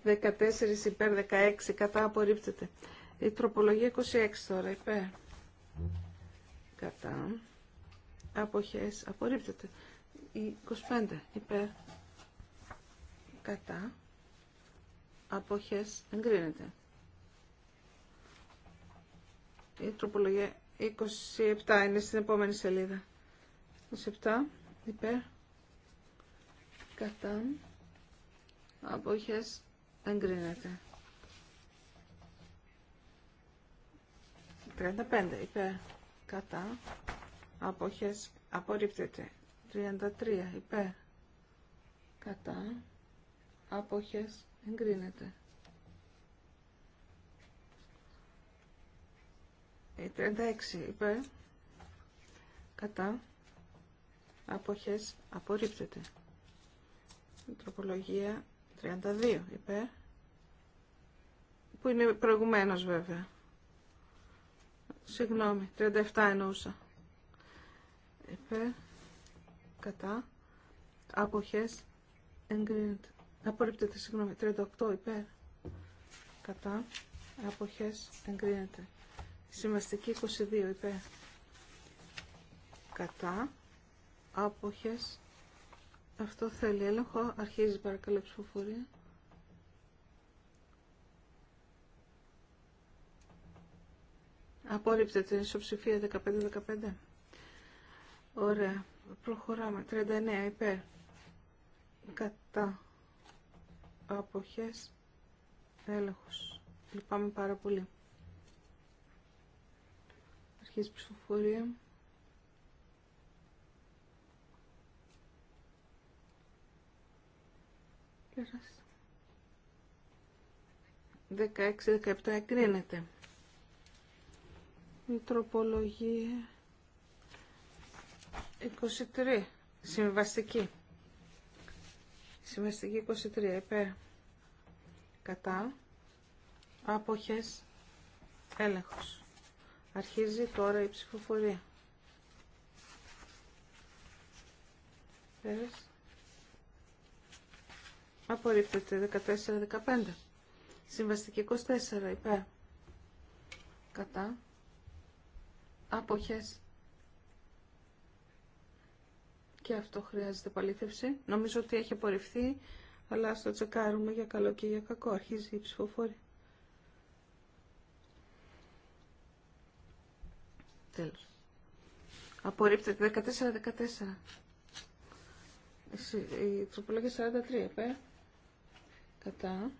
14 υπέρ 16 κατά απορρίπτεται. Η τροπολογία 26 τώρα υπέρ κατά αποχές απορρίπτεται. Η 25 υπέρ κατά αποχές εγκρίνεται. Η τροπολογία 27 είναι στην επόμενη σελίδα. 27 υπέρ κατά αποχές Εγκρίνεται. 35 υπέρ κατά αποχές απορρίπτεται 33 υπέρ κατά αποχές εγκρίνεται Η ε, 36 υπέρ κατά αποχές απορρίπτεται η τροπολογία 32 υπέρ. Που είναι προηγουμένος βέβαια. Συγγνώμη, 37 εννοούσα. Υπέρ. Κατά. Αποχές. Εγκρίνεται. Απορρίπτεται, συγγνώμη, 38 υπέρ. Κατά. Αποχές. Εγκρίνεται. Συμβαστική 22 υπέρ. Κατά. Άποχες αυτό θέλει έλεγχο. Αρχίζει παρακαλώ η ψηφοφορία. Απόρριψε την ισοψηφία 15-15. Ωραία. Προχωράμε. 39 υπέρ. Κατά. Αποχές. Έλεγχος. Λυπάμαι πάρα πολύ. Αρχίζει η ψηφοφορία. 16-17 εγκρίνεται. Η τροπολογία 23. Συμβαστική. Συμβαστική 23. Επέρα. Κατά. Άποχες. Έλεγχος. Αρχίζει τώρα η ψηφοφορία. Απορρίπτεται 14-15. Συμβαστική 24 υπέρ. Κατά. Αποχές. Και αυτό χρειάζεται παλήθευση. Νομίζω ότι έχει απορριφθεί, αλλά ας το τσεκάρουμε για καλό και για κακό. Αρχίζει η ψηφοφόρη. Τέλος. Απορρίπτεται 14-14. Η τροπολογία 43 επέ κατά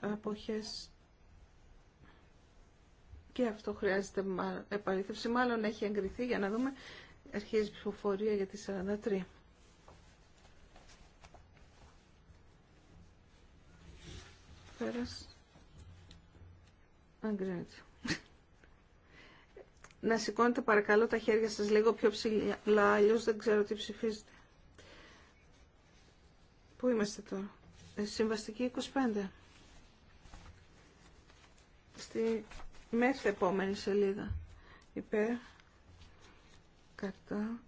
αποχές και αυτό χρειάζεται επαλήθευση. Μάλλον έχει εγκριθεί για να δούμε. Αρχίζει ψηφοφορία για τη 43. Να σηκώνετε παρακαλώ τα χέρια σας λίγο πιο ψηλά, αλλιώς δεν ξέρω τι ψηφίζετε. Πού είμαστε τώρα. Συμβαστική 25. Στη μέχρι επόμενη σελίδα. Υπέρ. Κατά.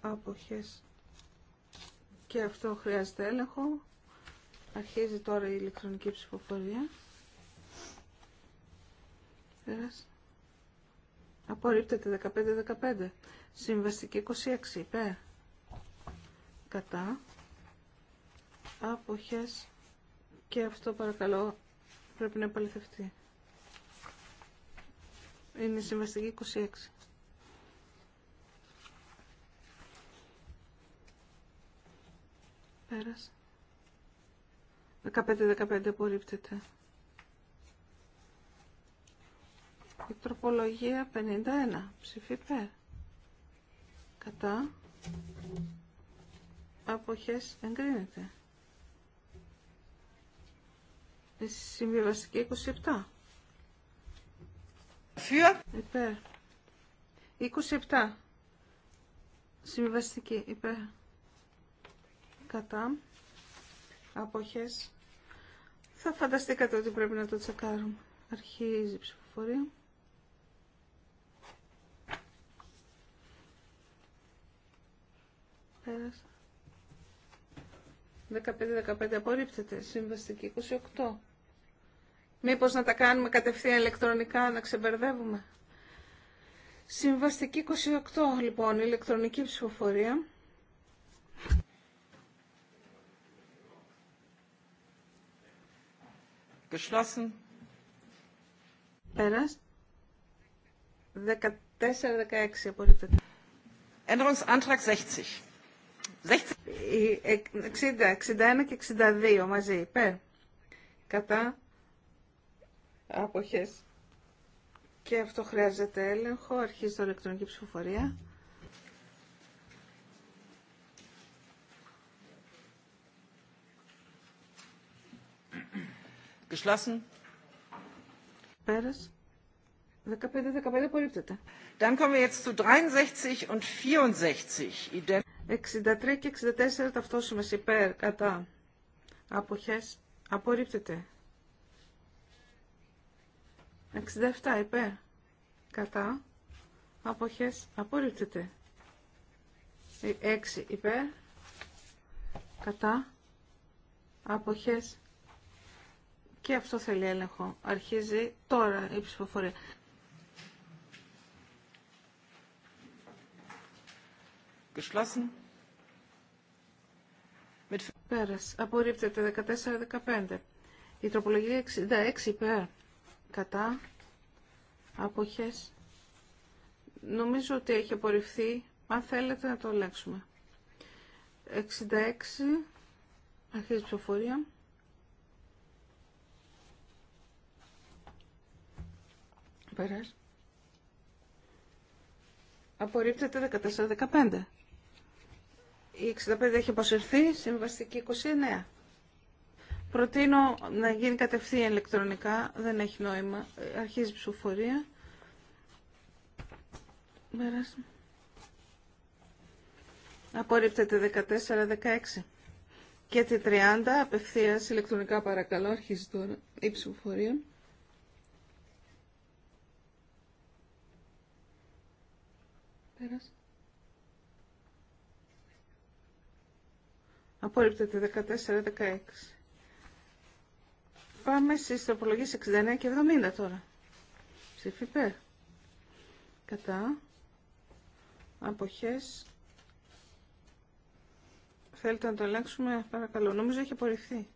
Αποχές. Και αυτό χρειάζεται έλεγχο. Αρχίζει τώρα η ηλεκτρονική ψηφοφορία. Πέρασε. Απορρίπτεται 15-15. Συμβαστική 26. Υπέρ. Κατά αποχές και αυτό παρακαλώ πρέπει να επαληθευτεί. Είναι η συμβαστική 26. Πέρασε. 15-15 απορρίπτεται. Η τροπολογία 51. Ψηφί περα Κατά. Αποχές εγκρίνεται. Συμβιβαστική 27. Υπέρ. 27. Συμβιβαστική. Υπέρ. Κατά. Αποχές. Θα φανταστήκατε ότι πρέπει να το τσεκάρουμε. Αρχίζει η ψηφοφορια Πέρασα. Πέρασε. 15-15 απορρίπτεται. Συμβαστική 28. Μήπως να τα κάνουμε κατευθείαν ηλεκτρονικά, να ξεμπερδεύουμε. Συμβαστική 28, λοιπόν, ηλεκτρονική ψηφοφορία. Geschlossen. Πέρας. 14-16 απορρίπτεται. 60. 60. 60, 61 και 62 μαζί. Υπέρ. Κατά αποχές και αυτό χρειάζεται έλεγχο αρχίζει το ηλεκτρονική ψηφοφορία Geschlossen. Πέρας. 15-15 απορρίπτεται. Dann kommen wir jetzt zu 63 und 64. 63 και 64 ταυτόσημες υπέρ κατά αποχές απορρίπτεται. 67 υπέρ. Κατά. Αποχές. Απορρίπτεται. 6 ε, υπέρ. Κατά. Αποχές. Και αυτό θέλει έλεγχο. Αρχίζει τώρα η ψηφοφορία. Geschlossen. Πέρας. Απορρίπτεται 14-15. Η τροπολογία 66 υπέρ κατά, αποχές. Νομίζω ότι έχει απορριφθεί, αν θέλετε να το λέξουμε. 66, αρχίζει ψηφοφορία. Περάς. Απορρίπτεται 14-15. Η 65 έχει αποσυρθεί, συμβαστική 29. Προτείνω να γίνει κατευθείαν ηλεκτρονικά, δεν έχει νόημα. Αρχίζει η ψηφοφορία. Απορρίπτεται 14-16. Και τη 30 απευθείας ηλεκτρονικά παρακαλώ, αρχίζει τώρα η ψηφοφορία. Πέρασε. Απορρίπτεται 14-16. Πάμε στι τροπολογίες 69 και 70 τώρα. Ψήφι Κατά. Αποχές. Θέλετε να το ελέγξουμε, παρακαλώ. Νομίζω έχει απορριφθεί.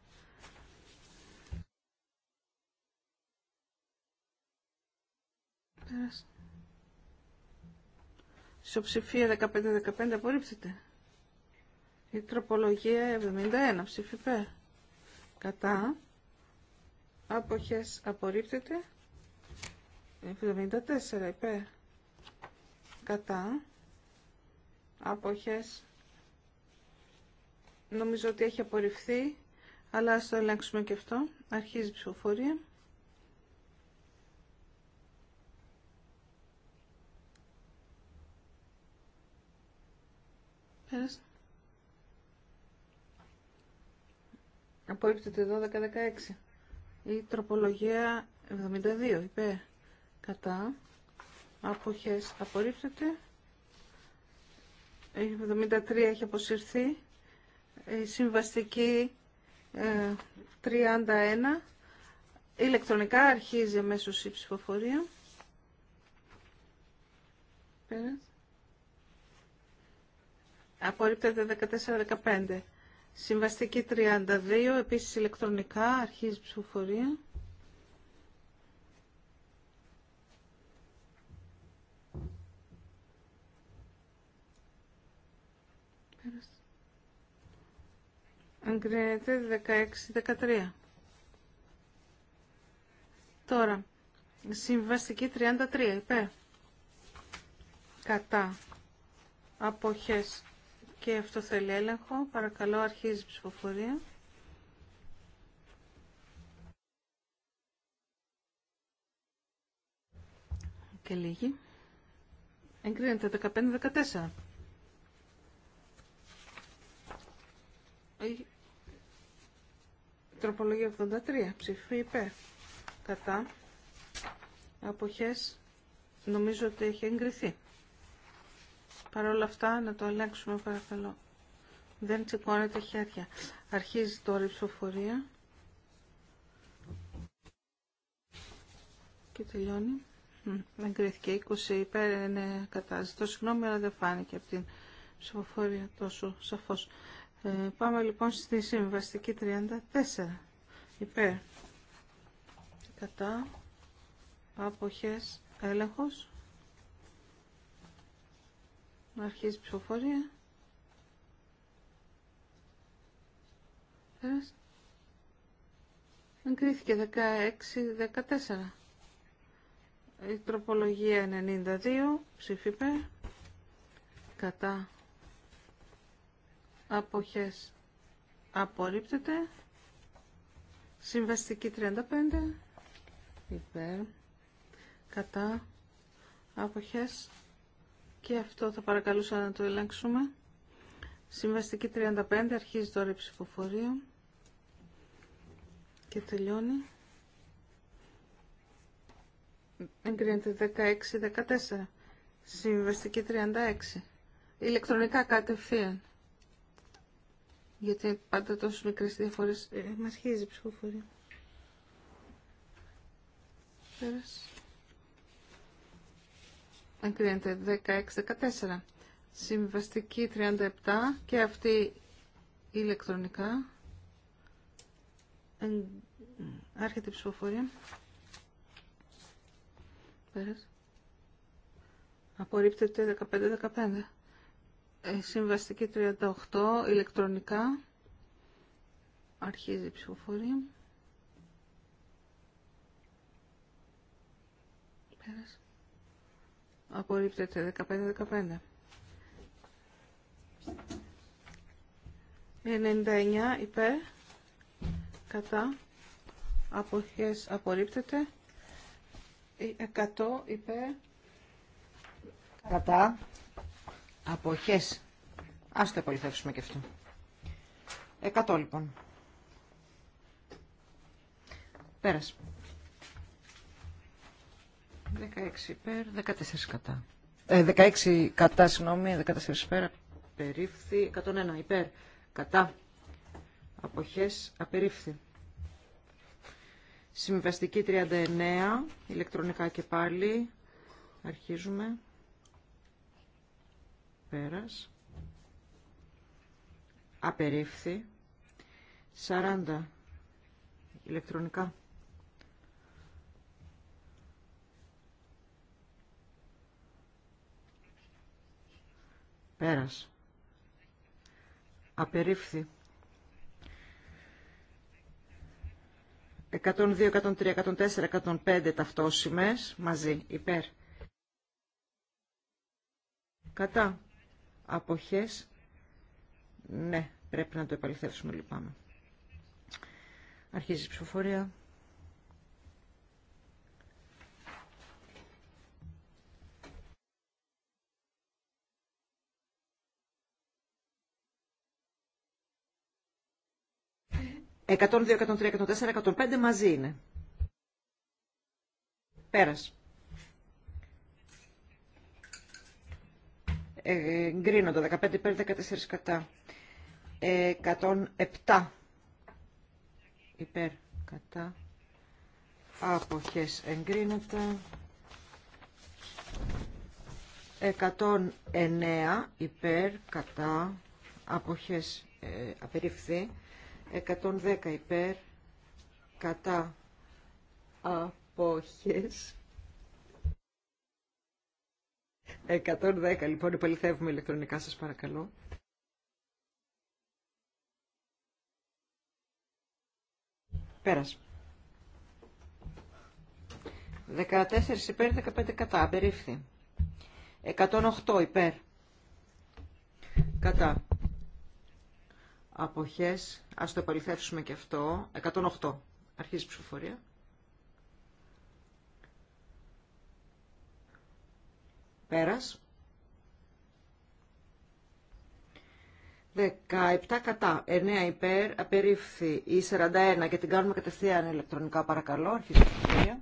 Ισοψηφία 15-15 απορρίπτεται. Η τροπολογία 71 ψήφι Κατά. Αποχές απορρίπτεται. 74 υπέρ. Κατά. Αποχές. Νομίζω ότι έχει απορριφθεί, αλλά ας το ελέγξουμε και αυτό. Αρχίζει η ψηφοφορία. Πέρασε. Απορρίπτεται 12-16. Η τροπολογία 72 είπε κατά αποχές απορρίπτεται. Η 73 έχει αποσυρθεί. Η συμβαστική 31 ε, ηλεκτρονικά αρχίζει μέσω η ψηφοφορια Απορρίπτεται 14-15. Συμβαστική 32, επίσης ηλεκτρονικά, αρχίζει ψηφοφορία. Αγκρίνεται 16-13. Τώρα, συμβαστική 33, υπέρ. Κατά. Αποχές και αυτό θέλει έλεγχο. Παρακαλώ, αρχίζει η ψηφοφορία. Και λίγη. Εγκρίνεται 15-14. Τροπολογία 83. Ψηφί υπέρ. Κατά. Αποχές. Νομίζω ότι έχει εγκριθεί. Παρ' όλα αυτά να το ελέγξουμε παρακαλώ. Δεν τσεκώνεται χέρια. Αρχίζει τώρα η ψηφοφορία. Και τελειώνει. Εγκρίθηκε 20 υπέρ, είναι κατάσταση. Το συγγνώμη, αλλά δεν φάνηκε από την ψηφοφορία τόσο σαφώς. Ε, πάμε λοιπόν στη συμβαστική 34. Υπέρ. Κατά. Αποχές. Έλεγχος αρχίσει η ψηφοφορια Πέρας. Εγκρίθηκε 16-14. Η τροπολογία 92. Ψήφιπε. Κατά. Αποχές. Απορρίπτεται. Συμβαστική 35. Υπέρ. Κατά. Αποχές. Και αυτό θα παρακαλούσα να το ελέγξουμε. Συμβαστική 35 αρχίζει τώρα η ψηφοφορία και τελειώνει. Εγκρίνεται 16-14. Συμβαστική 36. Ηλεκτρονικά κατευθείαν. Γιατί πάντα τόσο μικρέ διαφορέ. Ε, Μα χίζει η ψηφοφορία. Πέρασε εγκρίνεται 16-14. Συμβαστική 37 και αυτή ηλεκτρονικά. Άρχεται η ψηφοφορία. Πέρασε. Απορρίπτεται 15-15. Ε, συμβαστική 38 ηλεκτρονικά. Αρχίζει η ψηφοφορία. Πέρασε. Απορρίπτεται 15-15. 99 υπέρ. Κατά. Αποχές απορρίπτεται. 100 ε, υπέρ. Κατά. Αποχές. Ας το επαληθεύσουμε και αυτό. 100 λοιπόν. Πέρασε. 16 υπέρ, 14 κατά. Ε, 16 κατά, συγγνώμη, 14 υπέρ, απερίφθη, 101 υπέρ, κατά. Αποχές, απερίφθη. Συμβαστική 39, ηλεκτρονικά και πάλι. Αρχίζουμε. Πέρας. Απερίφθη. 40 ηλεκτρονικά. Πέρας. Απερίφθη. 102, 103, 104, 105 ταυτόσημες μαζί, υπέρ. Κατά αποχές, ναι, πρέπει να το επαληθεύσουμε, λοιπόν Αρχίζει η ψηφοφορία. 102, 103, 104, 105 μαζί είναι. Πέρας. Ε, εγκρίνονται 15 υπέρ 14 κατά. 107 ε, υπέρ κατά. Αποχές εγκρίνεται. 109 υπέρ κατά. Αποχές ε, απεριφθεί. 110 υπέρ κατά αποχές 110 λοιπόν επαληθεύουμε ηλεκτρονικά σας παρακαλώ Πέρασε. 14 υπέρ, 15 κατά. Απερίφθη. 108 υπέρ. Κατά αποχές, ας το επαληθεύσουμε και αυτό, 108, αρχίζει η ψηφοφορία. Πέρας. 17 κατά, 9 υπέρ, απερίφθη η 41 και την κάνουμε κατευθείαν ηλεκτρονικά παρακαλώ, αρχίζει η ψηφοφορία.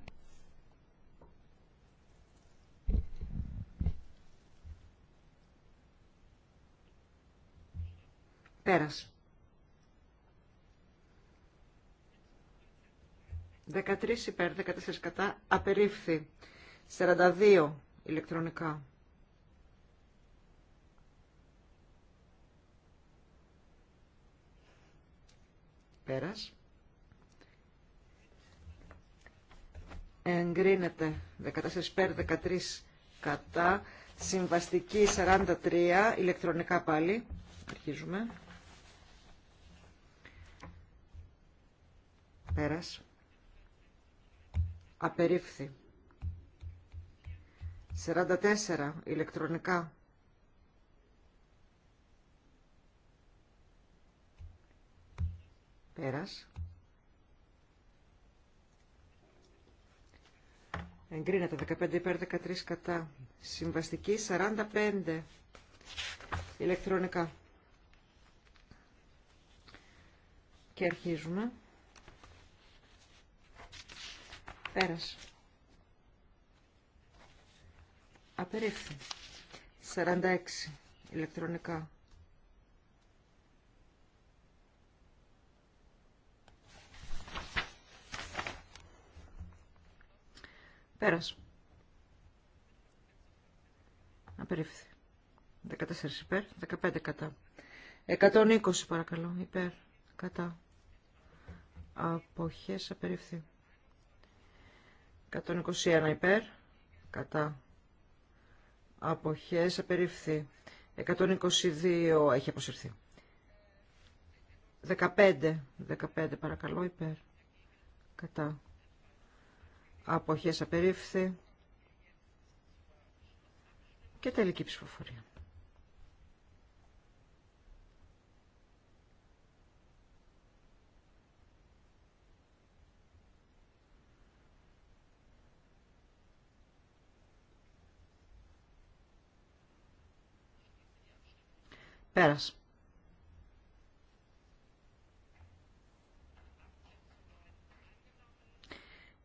Πέρας. 13 υπέρ, 14 κατά, απερίφθη. 42 ηλεκτρονικά. Πέρας. Εγκρίνεται 14 υπέρ, 13 κατά. Συμβαστική 43, ηλεκτρονικά πάλι. Αρχίζουμε. Πέρας. Απερίφθη. 44. Ηλεκτρονικά. Πέρας. Εγκρίνεται 15 υπέρ 13 κατά. Συμβαστική 45. Ηλεκτρονικά. Και αρχίζουμε. Πέρασε. Απερίφθη. 46 ηλεκτρονικά. Πέρασε. Απερίφθη. 14 υπέρ, 15 κατά. 120 παρακαλώ, υπέρ, κατά. Αποχές απερίφθη. 121 υπέρ, κατά αποχές απεριφθεί. 122 έχει αποσυρθεί. 15, 15 παρακαλώ υπέρ, κατά αποχές απερίφθη και τελική ψηφοφορία. Πέρας.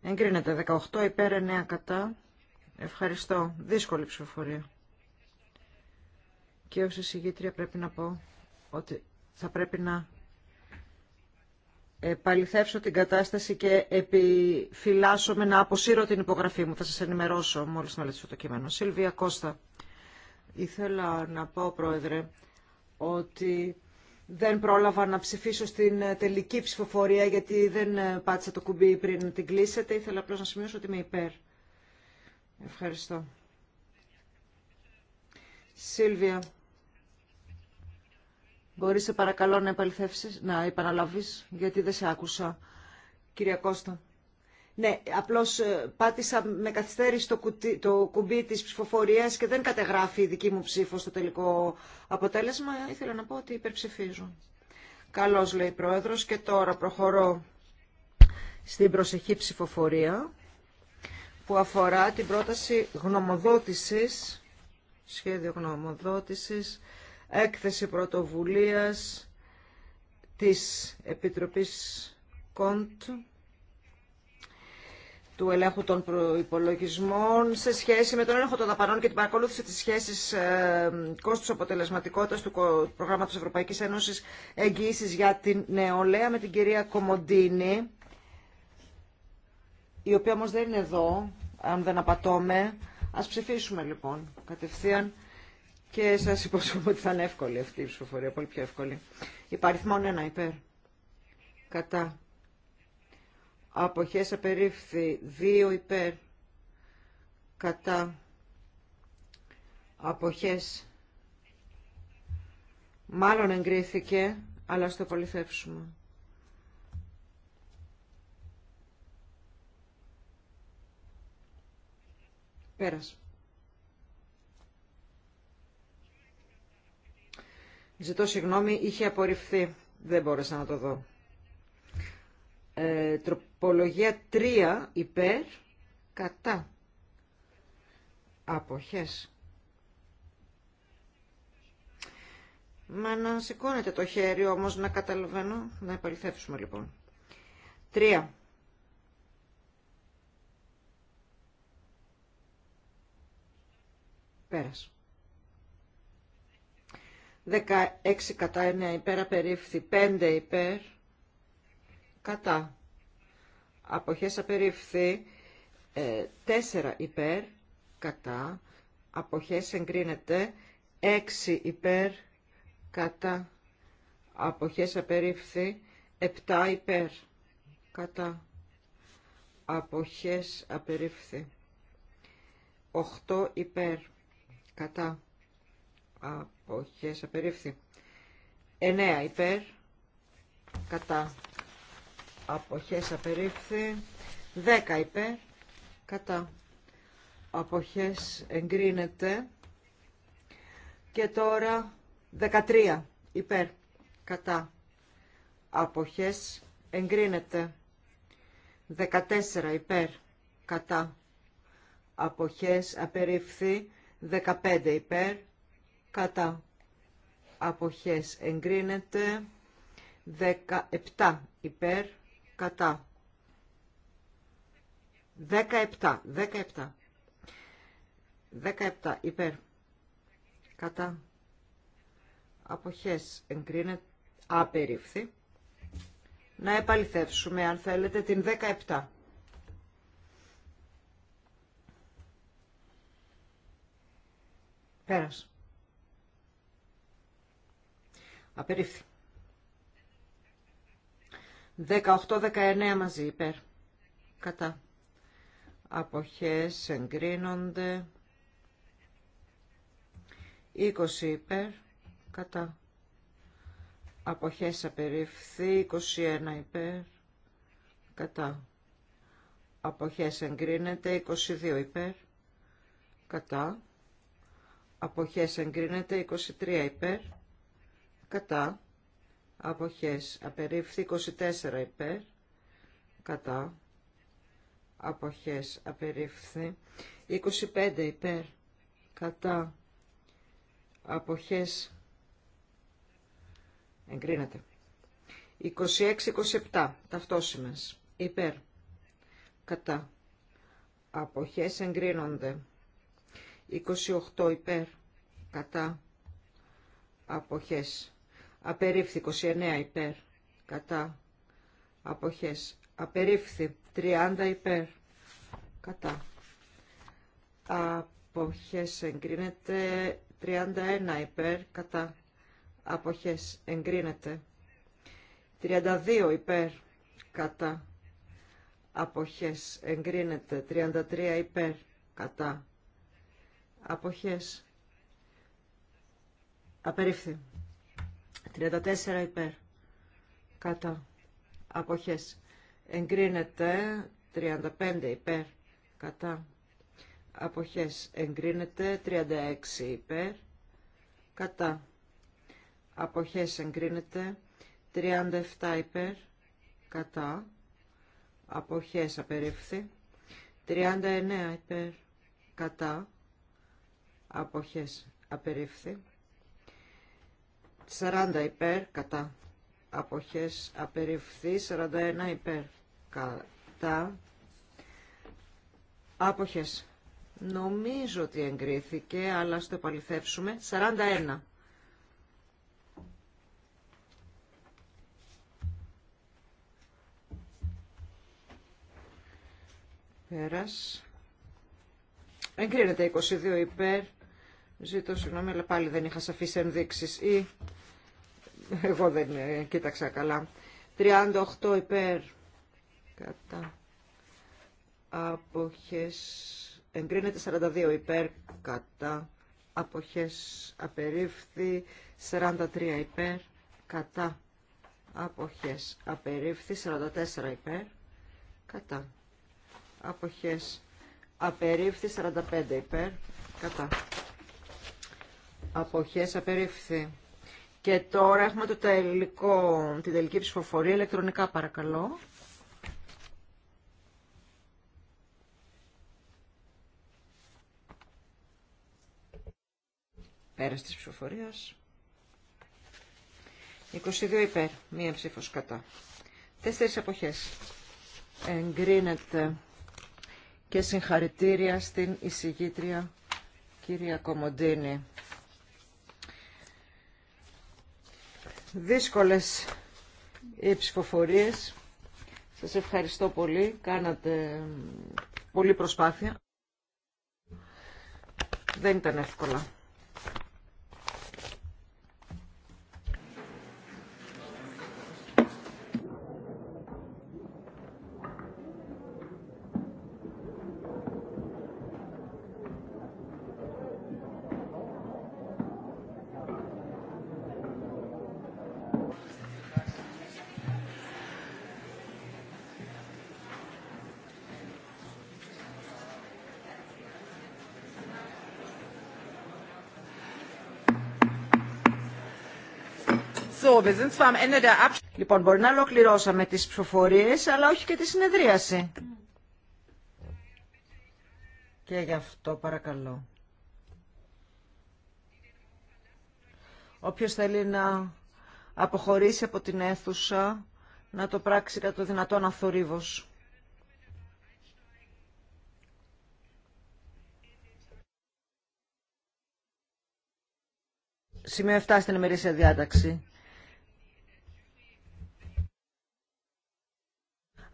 Εγκρίνεται 18 υπέρ 9 κατά. Ευχαριστώ. Δύσκολη ψηφοφορία. Και ως εισηγήτρια πρέπει να πω ότι θα πρέπει να επαληθεύσω την κατάσταση και επιφυλάσσομαι να αποσύρω την υπογραφή μου. Θα σας ενημερώσω μόλις μελετήσω το κείμενο. Σιλβία Κώστα. Ήθελα να πω, Πρόεδρε, ότι δεν πρόλαβα να ψηφίσω στην τελική ψηφοφορία γιατί δεν ε, πάτησα το κουμπί πριν την κλείσετε. Ήθελα απλώς να σημειώσω ότι είμαι υπέρ. Ευχαριστώ. Σίλβια, μπορείς σε παρακαλώ να, να επαναλάβεις γιατί δεν σε άκουσα. Κυρία Κώστα. Ναι, απλώς ε, πάτησα με καθυστέρηση το, κουτί, το κουμπί της ψηφοφορίας και δεν κατεγράφει η δική μου ψήφο στο τελικό αποτέλεσμα. Ήθελα να πω ότι υπερψηφίζω. Καλώς λέει η Πρόεδρος και τώρα προχωρώ στην προσεχή ψηφοφορία που αφορά την πρόταση γνωμοδότησης, σχέδιο γνωμοδότησης, έκθεση πρωτοβουλίας της Επιτροπής κόντ του ελέγχου των προϋπολογισμών σε σχέση με τον έλεγχο των δαπανών και την παρακολούθηση της σχέσης ε, κόστους αποτελεσματικότητας του Προγράμματος Ευρωπαϊκής Ένωσης Εγγύησης για την Νεολαία με την κυρία Κομοντίνη, η οποία όμως δεν είναι εδώ, αν δεν απατώμε. Ας ψηφίσουμε λοιπόν κατευθείαν και σας υπόσχομαι ότι θα είναι εύκολη αυτή η ψηφοφορία, πολύ πιο εύκολη. Υπάρχει μόνο ένα υπέρ. Κατά αποχές απερίφθη δύο υπέρ κατά αποχές μάλλον εγκρίθηκε αλλά στο πολυθέψουμε πέρας ζητώ συγγνώμη είχε απορριφθεί δεν μπόρεσα να το δω ε, Υπολογία 3 υπέρ κατά αποχές. Μα να σηκώνετε το χέρι όμως να καταλαβαίνω. Να επαληθεύσουμε λοιπόν. 3. Πέρας. 16 κατά 9 υπέρ απερίφθη, 5 υπέρ κατά αποχές απερίφθη 4 ε, υπέρ κατά αποχές εγκρίνεται 6 υπέρ κατά αποχές απερίφθη 7 υπέρ κατά αποχές απερίφθη 8 υπέρ κατά αποχές απερίφθη 9 υπέρ κατά αποχές απερίφθη 10 υπέρ κατά αποχές εγκρίνεται και τώρα 13 υπέρ κατά αποχές εγκρίνεται 14 υπέρ κατά αποχές απερίφθη 15 υπέρ κατά αποχές εγκρίνεται 17 υπέρ κατά. 17, 17. 17 υπέρ. Κατά. Αποχές εγκρίνεται απερίφθη. Να επαληθεύσουμε αν θέλετε την 17. Πέρας. Απερίφθη. 18-19 μαζί υπέρ. Κατά. Αποχές εγκρίνονται. 20 υπέρ. Κατά. Αποχές απεριφθεί. 21 υπέρ. Κατά. Αποχές εγκρίνεται. 22 υπέρ. Κατά. Αποχές εγκρίνεται. 23 υπέρ. Κατά αποχές απερίφθη 24 υπέρ κατά αποχές απερίφθη 25 υπέρ κατά αποχές εγκρίνεται 26-27 ταυτόσημες υπέρ κατά αποχές εγκρίνονται 28 υπέρ κατά αποχές απερίφθη 29 υπέρ κατά αποχές απερίφθη 30 υπέρ κατά αποχές εγκρίνεται 31 υπέρ κατά αποχές εγκρίνεται 32 υπέρ κατά αποχές εγκρίνεται 33 υπέρ κατά αποχές απερίφθη 34 υπέρ. Κατά. Αποχές. Εγκρίνεται 35 υπέρ. Κατά. Αποχές. Εγκρίνεται 36 υπέρ. Κατά. Αποχές εγκρίνεται 37 υπέρ. Κατά. Αποχές απερίφθη. 39 υπέρ. Κατά. Αποχές απερίφθη. 40 υπέρ κατά αποχές απεριφθεί 41 υπέρ κατά άποχες νομίζω ότι εγκρίθηκε αλλά στο επαληθεύσουμε 41 Πέρας. Εγκρίνεται 22 υπέρ, Ζήτω συγγνώμη, αλλά πάλι δεν είχα σαφείς ενδείξει ή εγώ δεν ε, κοίταξα καλά. 38 υπέρ κατά αποχές εγκρίνεται 42 υπέρ κατά αποχές απερίφθη 43 υπέρ κατά αποχές απερίφθη 44 υπέρ κατά αποχές απερίφθη 45 υπέρ κατά αποχές απερίφθη. Και τώρα έχουμε το τελικό, την τελική ψηφοφορία ηλεκτρονικά παρακαλώ. Πέρας της ψηφοφορίας. 22 υπέρ, μία ψήφος κατά. Τέσσερις αποχές. Εγκρίνεται και συγχαρητήρια στην εισηγήτρια κυρία Κομοντίνη. δύσκολες οι ψηφοφορίες. Σας ευχαριστώ πολύ. Κάνατε πολύ προσπάθεια. Δεν ήταν εύκολα. Λοιπόν, μπορεί να ολοκληρώσαμε τις ψηφοφορίες, αλλά όχι και τη συνεδρίαση. Και γι' αυτό παρακαλώ. Όποιος θέλει να αποχωρήσει από την αίθουσα, να το πράξει κατά το δυνατόν αθορύβος. Σημείο 7 στην ημερήσια διάταξη.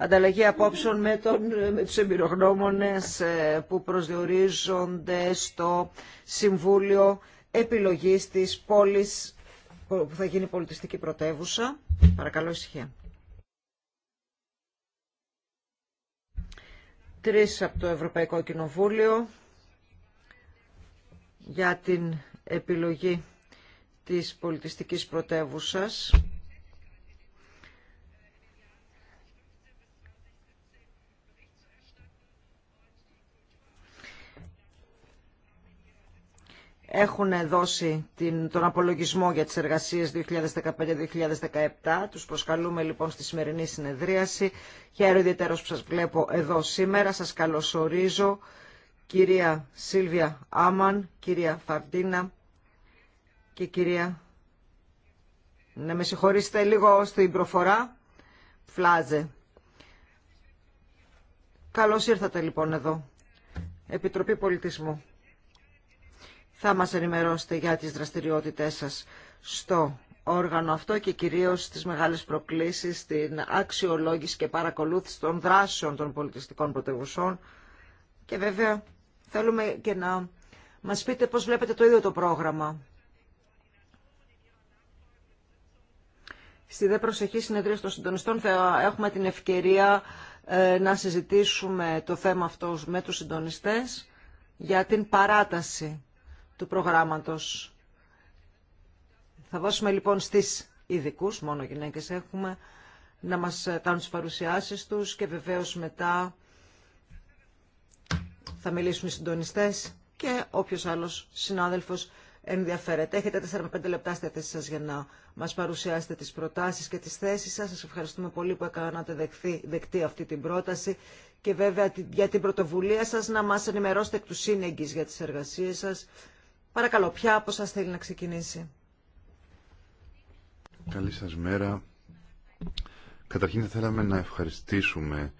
ανταλλαγή απόψεων με, τον, με τους εμπειρογνώμονες ε, που προσδιορίζονται στο Συμβούλιο Επιλογής της πόλης που θα γίνει πολιτιστική πρωτεύουσα. Παρακαλώ ησυχία. Τρεις από το Ευρωπαϊκό Κοινοβούλιο για την επιλογή της πολιτιστικής πρωτεύουσας έχουν δώσει την, τον απολογισμό για τις εργασίες 2015-2017. Τους προσκαλούμε λοιπόν στη σημερινή συνεδρίαση. Χαίρομαι ιδιαίτερα που σας βλέπω εδώ σήμερα. Σας καλωσορίζω κυρία Σίλβια Άμαν, κυρία Φαρντίνα και κυρία... Να με συγχωρήσετε λίγο στην προφορά. Φλάζε. Καλώς ήρθατε λοιπόν εδώ. Επιτροπή Πολιτισμού θα μας ενημερώσετε για τις δραστηριότητές σας στο όργανο αυτό και κυρίως τις μεγάλες προκλήσεις την αξιολόγηση και παρακολούθηση των δράσεων των πολιτιστικών πρωτεύουσών και βέβαια θέλουμε και να μας πείτε πώς βλέπετε το ίδιο το πρόγραμμα. Στη δε προσεχή συνεδρία των συντονιστών θα έχουμε την ευκαιρία ε, να συζητήσουμε το θέμα αυτό με τους συντονιστές για την παράταση του προγράμματος. Θα δώσουμε λοιπόν στις ειδικού, μόνο γυναίκες έχουμε, να μας κάνουν τι παρουσιάσεις τους και βεβαίως μετά θα μιλήσουν οι συντονιστές και όποιος άλλος συνάδελφος ενδιαφέρεται. Έχετε 4 5 λεπτά στη θέση σας για να μας παρουσιάσετε τις προτάσεις και τις θέσεις σας. Σας ευχαριστούμε πολύ που έκανατε δεχθεί, δεκτή αυτή την πρόταση και βέβαια για την πρωτοβουλία σας να μας ενημερώσετε εκ του σύνεγγης για τις εργασίες σας Παρακαλώ, ποια από σας θέλει να ξεκινήσει. Καλή σας μέρα. Καταρχήν θα θέλαμε να ευχαριστήσουμε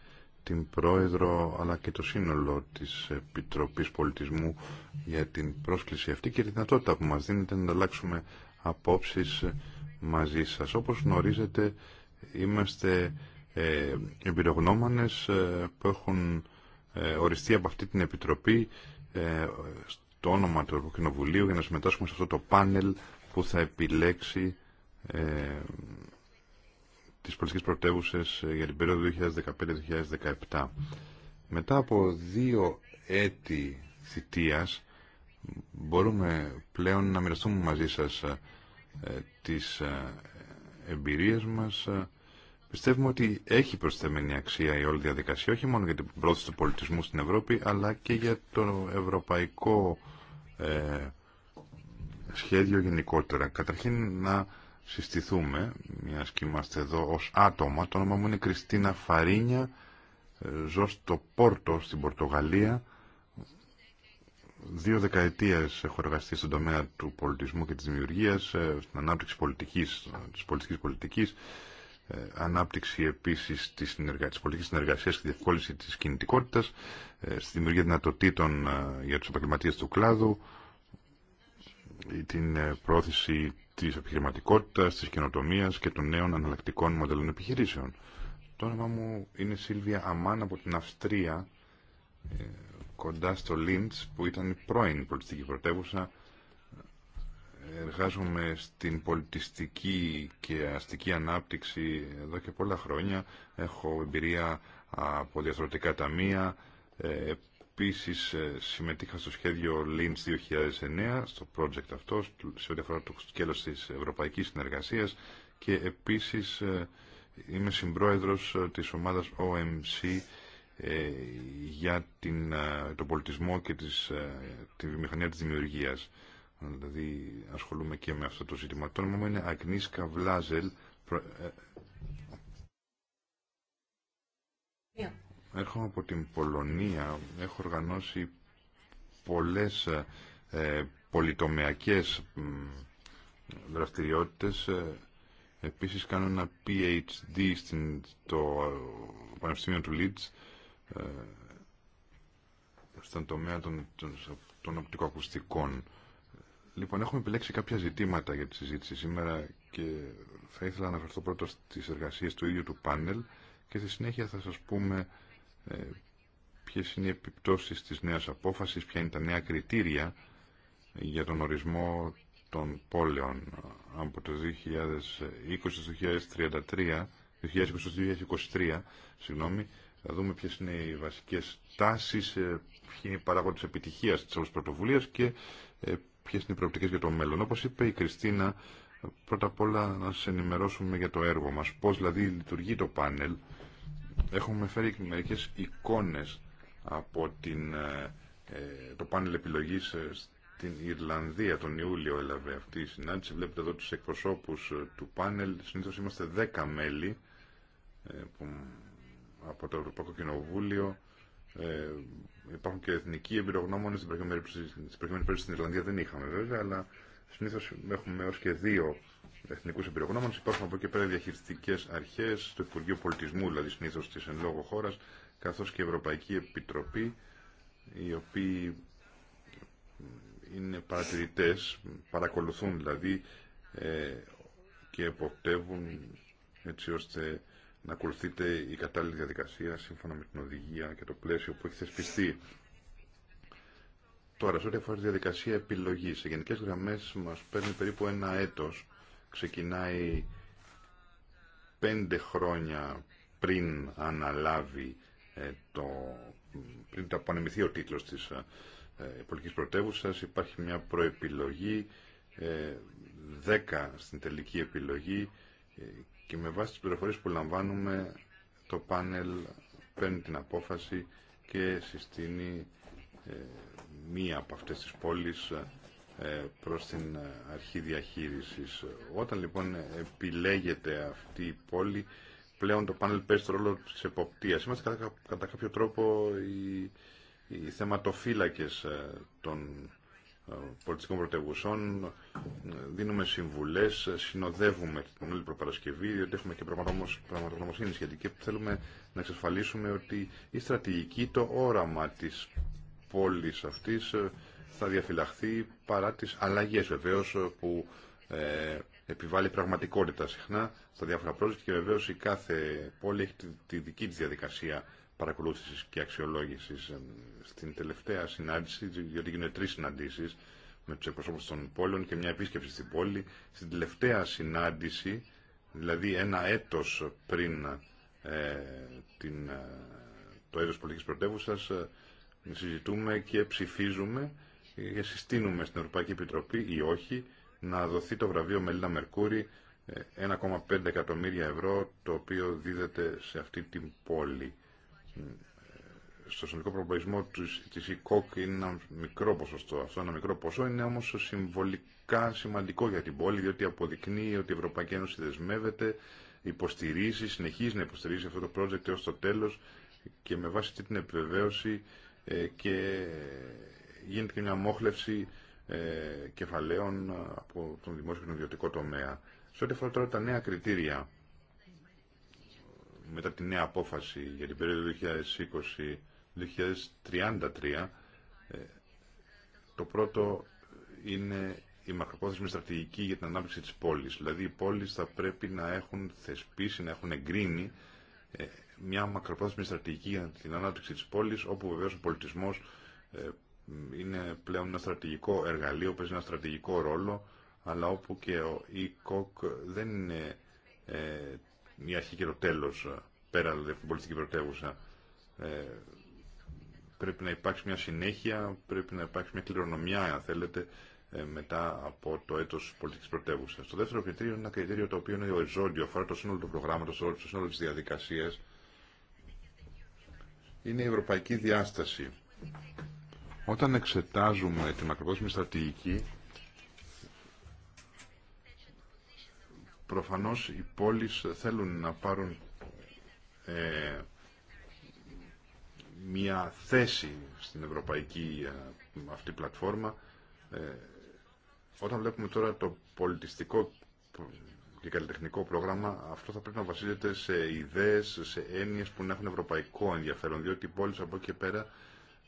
την Πρόεδρο αλλά και το σύνολο της Επιτροπής Πολιτισμού για την πρόσκληση αυτή και τη δυνατότητα που μας δίνεται να αλλάξουμε απόψεις μαζί σας. Όπως γνωρίζετε είμαστε ε, ε που έχουν ε, οριστεί από αυτή την Επιτροπή ε, το όνομα του Ευρωκοινοβουλίου για να συμμετάσχουμε σε αυτό το πάνελ που θα επιλέξει ε, τις πολιτικές πρωτεύουσες ε, για την περίοδο 2015-2017. Μετά από δύο έτη θητείας μπορούμε πλέον να μοιραστούμε μαζί σας ε, τις ε, εμπειρίες μας. Πιστεύουμε ότι έχει προσθεμένη αξία η όλη διαδικασία, όχι μόνο για την πρόθεση του πολιτισμού στην Ευρώπη, αλλά και για το ευρωπαϊκό ε, σχέδιο γενικότερα. Καταρχήν να συστηθούμε, μια και είμαστε εδώ ως άτομα. Το όνομα μου είναι Κριστίνα Φαρίνια, ε, ζω στο Πόρτο στην Πορτογαλία. Δύο δεκαετίες έχω εργαστεί στον τομέα του πολιτισμού και της δημιουργίας, ε, στην ανάπτυξη πολιτικής, ε, της πολιτικής πολιτικής. Ε, ανάπτυξη επίσης της, συνεργα... συνεργασία πολιτικής και τη διευκόλυνση της κινητικότητας, ε, στη δημιουργία δυνατοτήτων ε, για του επαγγελματίε του κλάδου, την πρόθεση της επιχειρηματικότητα, τη καινοτομία και των νέων αναλλακτικών μοντέλων επιχειρήσεων. Το όνομα μου είναι Σίλβια Αμάν από την Αυστρία, κοντά στο Λίντς, που ήταν η πρώην πολιτιστική πρωτεύουσα εργάζομαι στην πολιτιστική και αστική ανάπτυξη εδώ και πολλά χρόνια. Έχω εμπειρία από ταμία, ταμεία. Ε, επίσης ε, συμμετείχα στο σχέδιο LINS 2009, στο project αυτό, σε ό,τι αφορά το σκέλος της Ευρωπαϊκής Συνεργασίας και επίσης ε, είμαι συμπρόεδρος της ομάδας OMC για την, τον πολιτισμό και της, τη βιομηχανία της δημιουργίας. Δηλαδή ασχολούμαι και με αυτό το ζήτημα. Το όνομα μου είναι Αγνίσκα Βλάζελ. Έρχομαι από την Πολωνία. Έχω οργανώσει πολλές ε, ε πολυτομεακές δραστηριότητες. Ε, επίσης κάνω ένα PhD στην, στο Πανεπιστήμιο του Λίτς ε, στον τομέα των, των, των οπτικοακουστικών Λοιπόν, έχουμε επιλέξει κάποια ζητήματα για τη συζήτηση σήμερα και θα ήθελα να αναφερθώ πρώτα στις εργασίες του ίδιου του πάνελ και στη συνέχεια θα σας πούμε ε, ποιες είναι οι επιπτώσεις της νέας απόφασης, ποια είναι τα νέα κριτήρια για τον ορισμό των πόλεων από το 2020 2033, 2023 συγγνώμη, θα δούμε ποιες είναι οι βασικές τάσεις, ε, ποιοι είναι οι παράγοντες επιτυχίας της όλης πρωτοβουλίας και ε, ποιε είναι οι προοπτικέ για το μέλλον. Όπω είπε η Κριστίνα, πρώτα απ' όλα να σα ενημερώσουμε για το έργο μα. Πώ δηλαδή λειτουργεί το πάνελ. Έχουμε φέρει μερικέ εικόνε από την, ε, ε, το πάνελ επιλογή ε, στην Ιρλανδία. Τον Ιούλιο έλαβε αυτή η συνάντηση. Βλέπετε εδώ του εκπροσώπου του πάνελ. Συνήθω είμαστε 10 μέλη από το Ευρωπαϊκό Κοινοβούλιο υπάρχουν και εθνικοί εμπειρογνώμονε. Στην προηγούμενη περίπτωση στην Ιρλανδία δεν είχαμε βέβαια, αλλά συνήθω έχουμε έω και δύο εθνικού εμπειρογνώμονε. Υπάρχουν από εκεί πέρα διαχειριστικέ αρχέ, το Υπουργείο Πολιτισμού δηλαδή συνήθω τη εν λόγω χώρα, καθώ και η Ευρωπαϊκή Επιτροπή, οι οποίοι είναι παρατηρητέ, παρακολουθούν δηλαδή ε, και εποπτεύουν έτσι ώστε να ακολουθείτε η κατάλληλη διαδικασία σύμφωνα με την οδηγία και το πλαίσιο που έχει θεσπιστεί. Τώρα, σε ό,τι αφορά τη διαδικασία επιλογή, σε γενικέ γραμμέ μα παίρνει περίπου ένα έτο. Ξεκινάει πέντε χρόνια πριν αναλάβει ε, το, πριν τα απονεμηθεί ο τίτλο τη ε, πολιτικής υπάρχει μια προεπιλογή ε, στην τελική επιλογή ε, και με βάση τις πληροφορίες που λαμβάνουμε το πάνελ παίρνει την απόφαση και συστήνει ε, μία από αυτές τις πόλεις ε, προς την αρχή διαχείρισης. Όταν λοιπόν επιλέγεται αυτή η πόλη, πλέον το πάνελ παίζει το ρόλο της εποπτείας. Είμαστε κατά, κάποιο τρόπο οι, οι θεματοφύλακες ε, των ε, πολιτικών πρωτεύουσών, δίνουμε συμβουλέ, συνοδεύουμε την όλη προπαρασκευή, διότι έχουμε και πραγματογνωμοσύνη σχετική που θέλουμε να εξασφαλίσουμε ότι η στρατηγική, το όραμα τη πόλη αυτή ε, θα διαφυλαχθεί παρά τι αλλαγέ βεβαίω ε, που ε, επιβάλλει πραγματικότητα συχνά στα διάφορα project και βεβαίω η κάθε πόλη έχει τη, τη δική τη διαδικασία Παρακολούθηση και αξιολόγησης. Ε, στην τελευταία συνάντηση, γιατί γίνονται τρει συναντήσεις με τους εκπροσώπους των πόλεων και μια επίσκεψη στην πόλη, στην τελευταία συνάντηση, δηλαδή ένα έτος πριν ε, την, ε, το έτος Πολιτική πρωτεύουσα ε, συζητούμε και ψηφίζουμε και συστήνουμε στην Ευρωπαϊκή Επιτροπή ή όχι να δοθεί το βραβείο Μελίνα Μερκούρη 1,5 εκατομμύρια ευρώ το οποίο δίδεται σε αυτή την πόλη. Ε, στο συνολικό προπολογισμό τη ΕΚΟΚ είναι ένα μικρό ποσοστό. Αυτό ένα μικρό ποσό είναι όμω συμβολικά σημαντικό για την πόλη, διότι αποδεικνύει ότι η Ευρωπαϊκή Ένωση δεσμεύεται, υποστηρίζει, συνεχίζει να υποστηρίζει αυτό το project έω το τέλο και με βάση αυτή την επιβεβαίωση ε, και γίνεται και μια μόχλευση ε, κεφαλαίων από τον δημόσιο και τον ιδιωτικό τομέα. Σε ό,τι αφορά τώρα τα νέα κριτήρια μετά τη νέα απόφαση για την περίοδο 2020-2033. Ε, το πρώτο είναι η μακροπρόθεσμη στρατηγική για την ανάπτυξη της πόλης. Δηλαδή οι πόλεις θα πρέπει να έχουν θεσπίσει, να έχουν εγκρίνει ε, μια μακροπρόθεσμη στρατηγική για την ανάπτυξη της πόλης, όπου βεβαίως ο πολιτισμός ε, είναι πλέον ένα στρατηγικό εργαλείο, παίζει ένα στρατηγικό ρόλο, αλλά όπου και ο ΙΚΟΚ δεν είναι η αρχή και το τέλο ε, πέρα από την πολιτική πρωτεύουσα. Ε, πρέπει να υπάρξει μια συνέχεια, πρέπει να υπάρξει μια κληρονομιά, αν θέλετε, ε, μετά από το έτος πολιτικής πρωτεύουσα. Το δεύτερο κριτήριο είναι ένα κριτήριο το οποίο είναι οριζόντιο, αφορά το σύνολο του προγράμματο, το σύνολο τη διαδικασία. Είναι η ευρωπαϊκή διάσταση. Όταν εξετάζουμε τη μακροπρόθεσμη στρατηγική, Προφανώς οι πόλεις θέλουν να πάρουν ε, μια θέση στην ευρωπαϊκή ε, αυτή πλατφόρμα. Ε, όταν βλέπουμε τώρα το πολιτιστικό και καλλιτεχνικό πρόγραμμα, αυτό θα πρέπει να βασίζεται σε ιδέες, σε έννοιες που να έχουν ευρωπαϊκό ενδιαφέρον, διότι οι πόλεις από εκεί και πέρα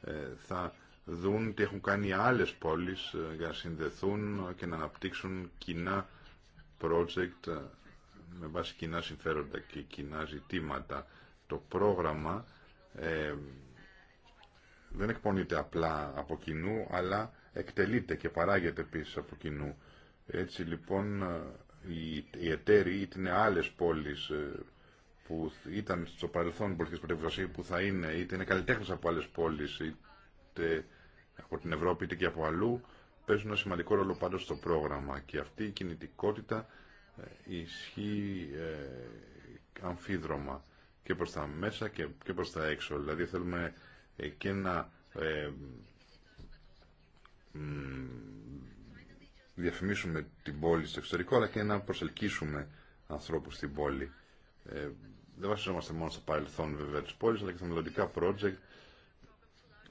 ε, θα δουν τι έχουν κάνει άλλες πόλεις για να συνδεθούν και να αναπτύξουν κοινά project ε, με βάση κοινά συμφέροντα και κοινά ζητήματα. Το πρόγραμμα ε, δεν εκπονείται απλά από κοινού, αλλά εκτελείται και παράγεται επίσης από κοινού. Έτσι λοιπόν ε, οι, οι εταίροι είτε είναι άλλες πόλεις ε, που ήταν στο παρελθόν πολιτικές πρωτεύουσες που θα είναι, είτε είναι καλλιτέχνες από άλλες πόλεις, είτε από την Ευρώπη είτε και από αλλού, παίζουν ένα σημαντικό ρόλο πάντως στο πρόγραμμα και αυτή η κινητικότητα ε, ισχύει ε, αμφίδρομα και προς τα μέσα και, και προς τα έξω. Δηλαδή θέλουμε και να ε, διαφημίσουμε την πόλη στο εξωτερικό αλλά και να προσελκύσουμε ανθρώπους στην πόλη. Ε, δεν βασιζόμαστε μόνο στο παρελθόν βέβαια της πόλης αλλά και στα μελλοντικά project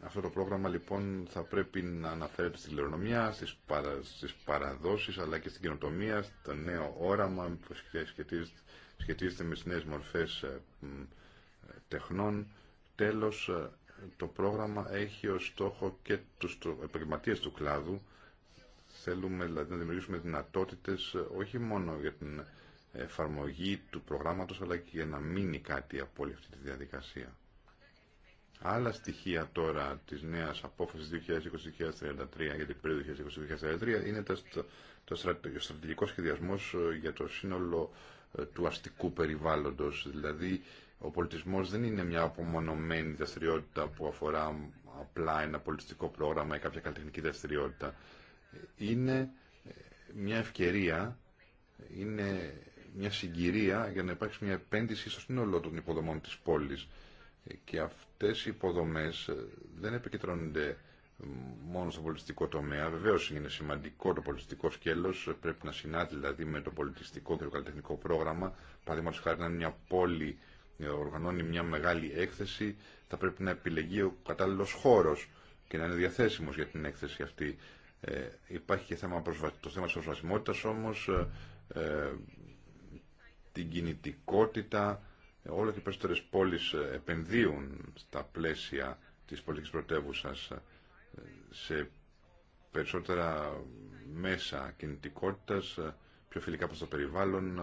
αυτό το πρόγραμμα λοιπόν θα πρέπει να αναφέρεται στην κληρονομιά, στις, παρα, παραδόσεις αλλά και στην καινοτομία, στο νέο όραμα που σχετίζεται, σχετίζεται με τις νέες μορφές ε, τεχνών. Τέλος, ε, το πρόγραμμα έχει ως στόχο και τους επαγγελματίες του κλάδου. Θέλουμε δηλαδή να δημιουργήσουμε δυνατότητες ε, όχι μόνο για την εφαρμογή του προγράμματος αλλά και για να μείνει κάτι από όλη αυτή τη διαδικασία. Άλλα στοιχεία τώρα τη νέα απόφαση απόφασης 2020-2033 για την περίοδο 2020-2033 είναι το, το στρατηγικό σχεδιασμός ε, για το σύνολο ε, του αστικού περιβάλλοντος. Δηλαδή, ο πολιτισμός δεν είναι μια απομονωμένη δραστηριότητα που αφορά απλά ένα πολιτιστικό πρόγραμμα ή κάποια καλλιτεχνική δραστηριότητα. Είναι ε, μια ευκαιρία, είναι μια συγκυρία για να υπάρξει μια επένδυση στο σύνολο των υποδομών τη πόλη και αυτές οι υποδομές ε, δεν επικεντρώνονται μόνο στο πολιτιστικό τομέα. Βεβαίω είναι σημαντικό το πολιτιστικό σκέλος πρέπει να συνάδει δηλαδή με το πολιτιστικό και το καλλιτεχνικό πρόγραμμα. Παραδείγματο χάρη, να μια πόλη ε, οργανώνει μια μεγάλη έκθεση, θα πρέπει να επιλεγεί ο κατάλληλο χώρο και να είναι διαθέσιμο για την έκθεση αυτή. Ε, υπάρχει και θέμα προσβα... το θέμα τη προσβασιμότητα όμω, ε, την κινητικότητα, όλο και περισσότερε πόλεις ε, επενδύουν στα πλαίσια της πολιτική πρωτεύουσα ε, σε περισσότερα μέσα κινητικότητα ε, πιο φιλικά προς το περιβάλλον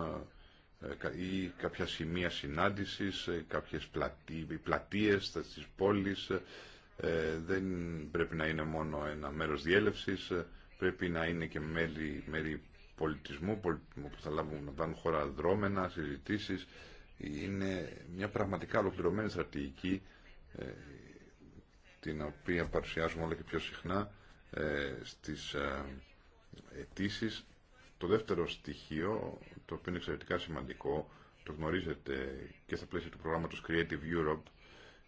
ή κάποια σημεία συνάντηση, κάποιες πλατείε πλατείες στις πόλεις. δεν πρέπει να είναι μόνο ένα μέρος διέλευσης, πρέπει να είναι και μέρη, πολιτισμού, που θα λάβουν, να λάβουν χώρα δρόμενα, συζητήσεις, είναι μια πραγματικά ολοκληρωμένη στρατηγική ε, την οποία παρουσιάζουμε όλο και πιο συχνά ε, στις ε, αιτήσει. Το δεύτερο στοιχείο, το οποίο είναι εξαιρετικά σημαντικό, το γνωρίζετε και στα πλαίσια του προγράμματος Creative Europe,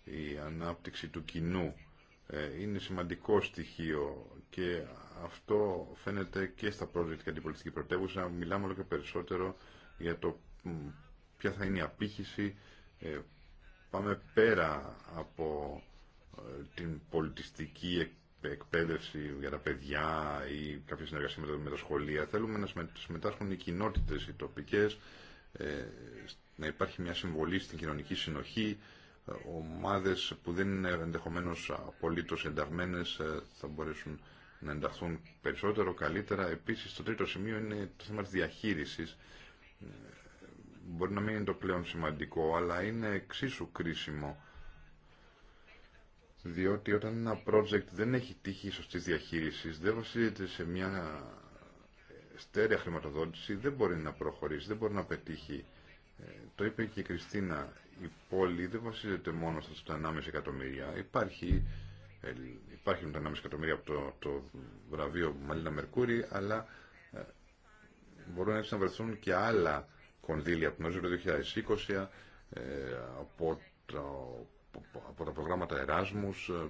η ανάπτυξη του κοινού είναι σημαντικό στοιχείο και αυτό φαίνεται και στα project για την πολιτική πρωτεύουσα. Μιλάμε όλο και περισσότερο για το ποια θα είναι η απήχηση. Ε, πάμε πέρα από ε, την πολιτιστική εκπαίδευση για τα παιδιά ή κάποια συνεργασία με τα σχολεία. Θέλουμε να συμμετάσχουν οι κοινότητες, οι τοπικές, ε, να υπάρχει μια συμβολή στην κοινωνική συνοχή. Ε, ομάδες που δεν είναι ενδεχομένως απολύτως ενταγμένες ε, θα μπορέσουν να ενταχθούν περισσότερο, καλύτερα. Επίσης, το τρίτο σημείο είναι το θέμα της διαχείρισης μπορεί να μην είναι το πλέον σημαντικό, αλλά είναι εξίσου κρίσιμο. Διότι όταν ένα project δεν έχει τύχη σωστή διαχείριση, δεν βασίζεται σε μια στέρεα χρηματοδότηση, δεν μπορεί να προχωρήσει, δεν μπορεί να πετύχει. Ε, το είπε και η Κριστίνα, η πόλη δεν βασίζεται μόνο στα 1,5 εκατομμύρια. Υπάρχει, ε, υπάρχουν τα 1,5 εκατομμύρια από το, το βραβείο Μαλίνα Μερκούρη, αλλά ε, μπορούν έτσι να βρεθούν και άλλα κονδύλια από το 2020, ε, από, το, από τα προγράμματα Εράσμους. Ε,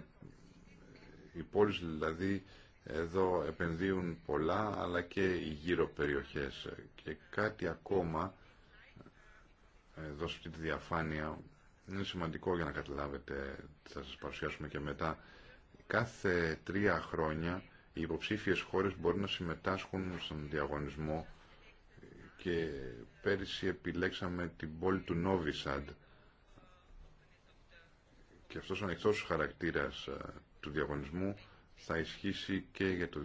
οι πόλεις δηλαδή εδώ επενδύουν πολλά, αλλά και οι γύρω περιοχές. Και κάτι ακόμα, εδώ σε αυτή τη διαφάνεια, είναι σημαντικό για να καταλάβετε, θα σας παρουσιάσουμε και μετά, κάθε τρία χρόνια οι υποψήφιες χώρες μπορούν να συμμετάσχουν στον διαγωνισμό και πέρυσι επιλέξαμε την πόλη του Νόβισαντ και αυτός ο ανοιχτός χαρακτήρας του διαγωνισμού θα ισχύσει και για το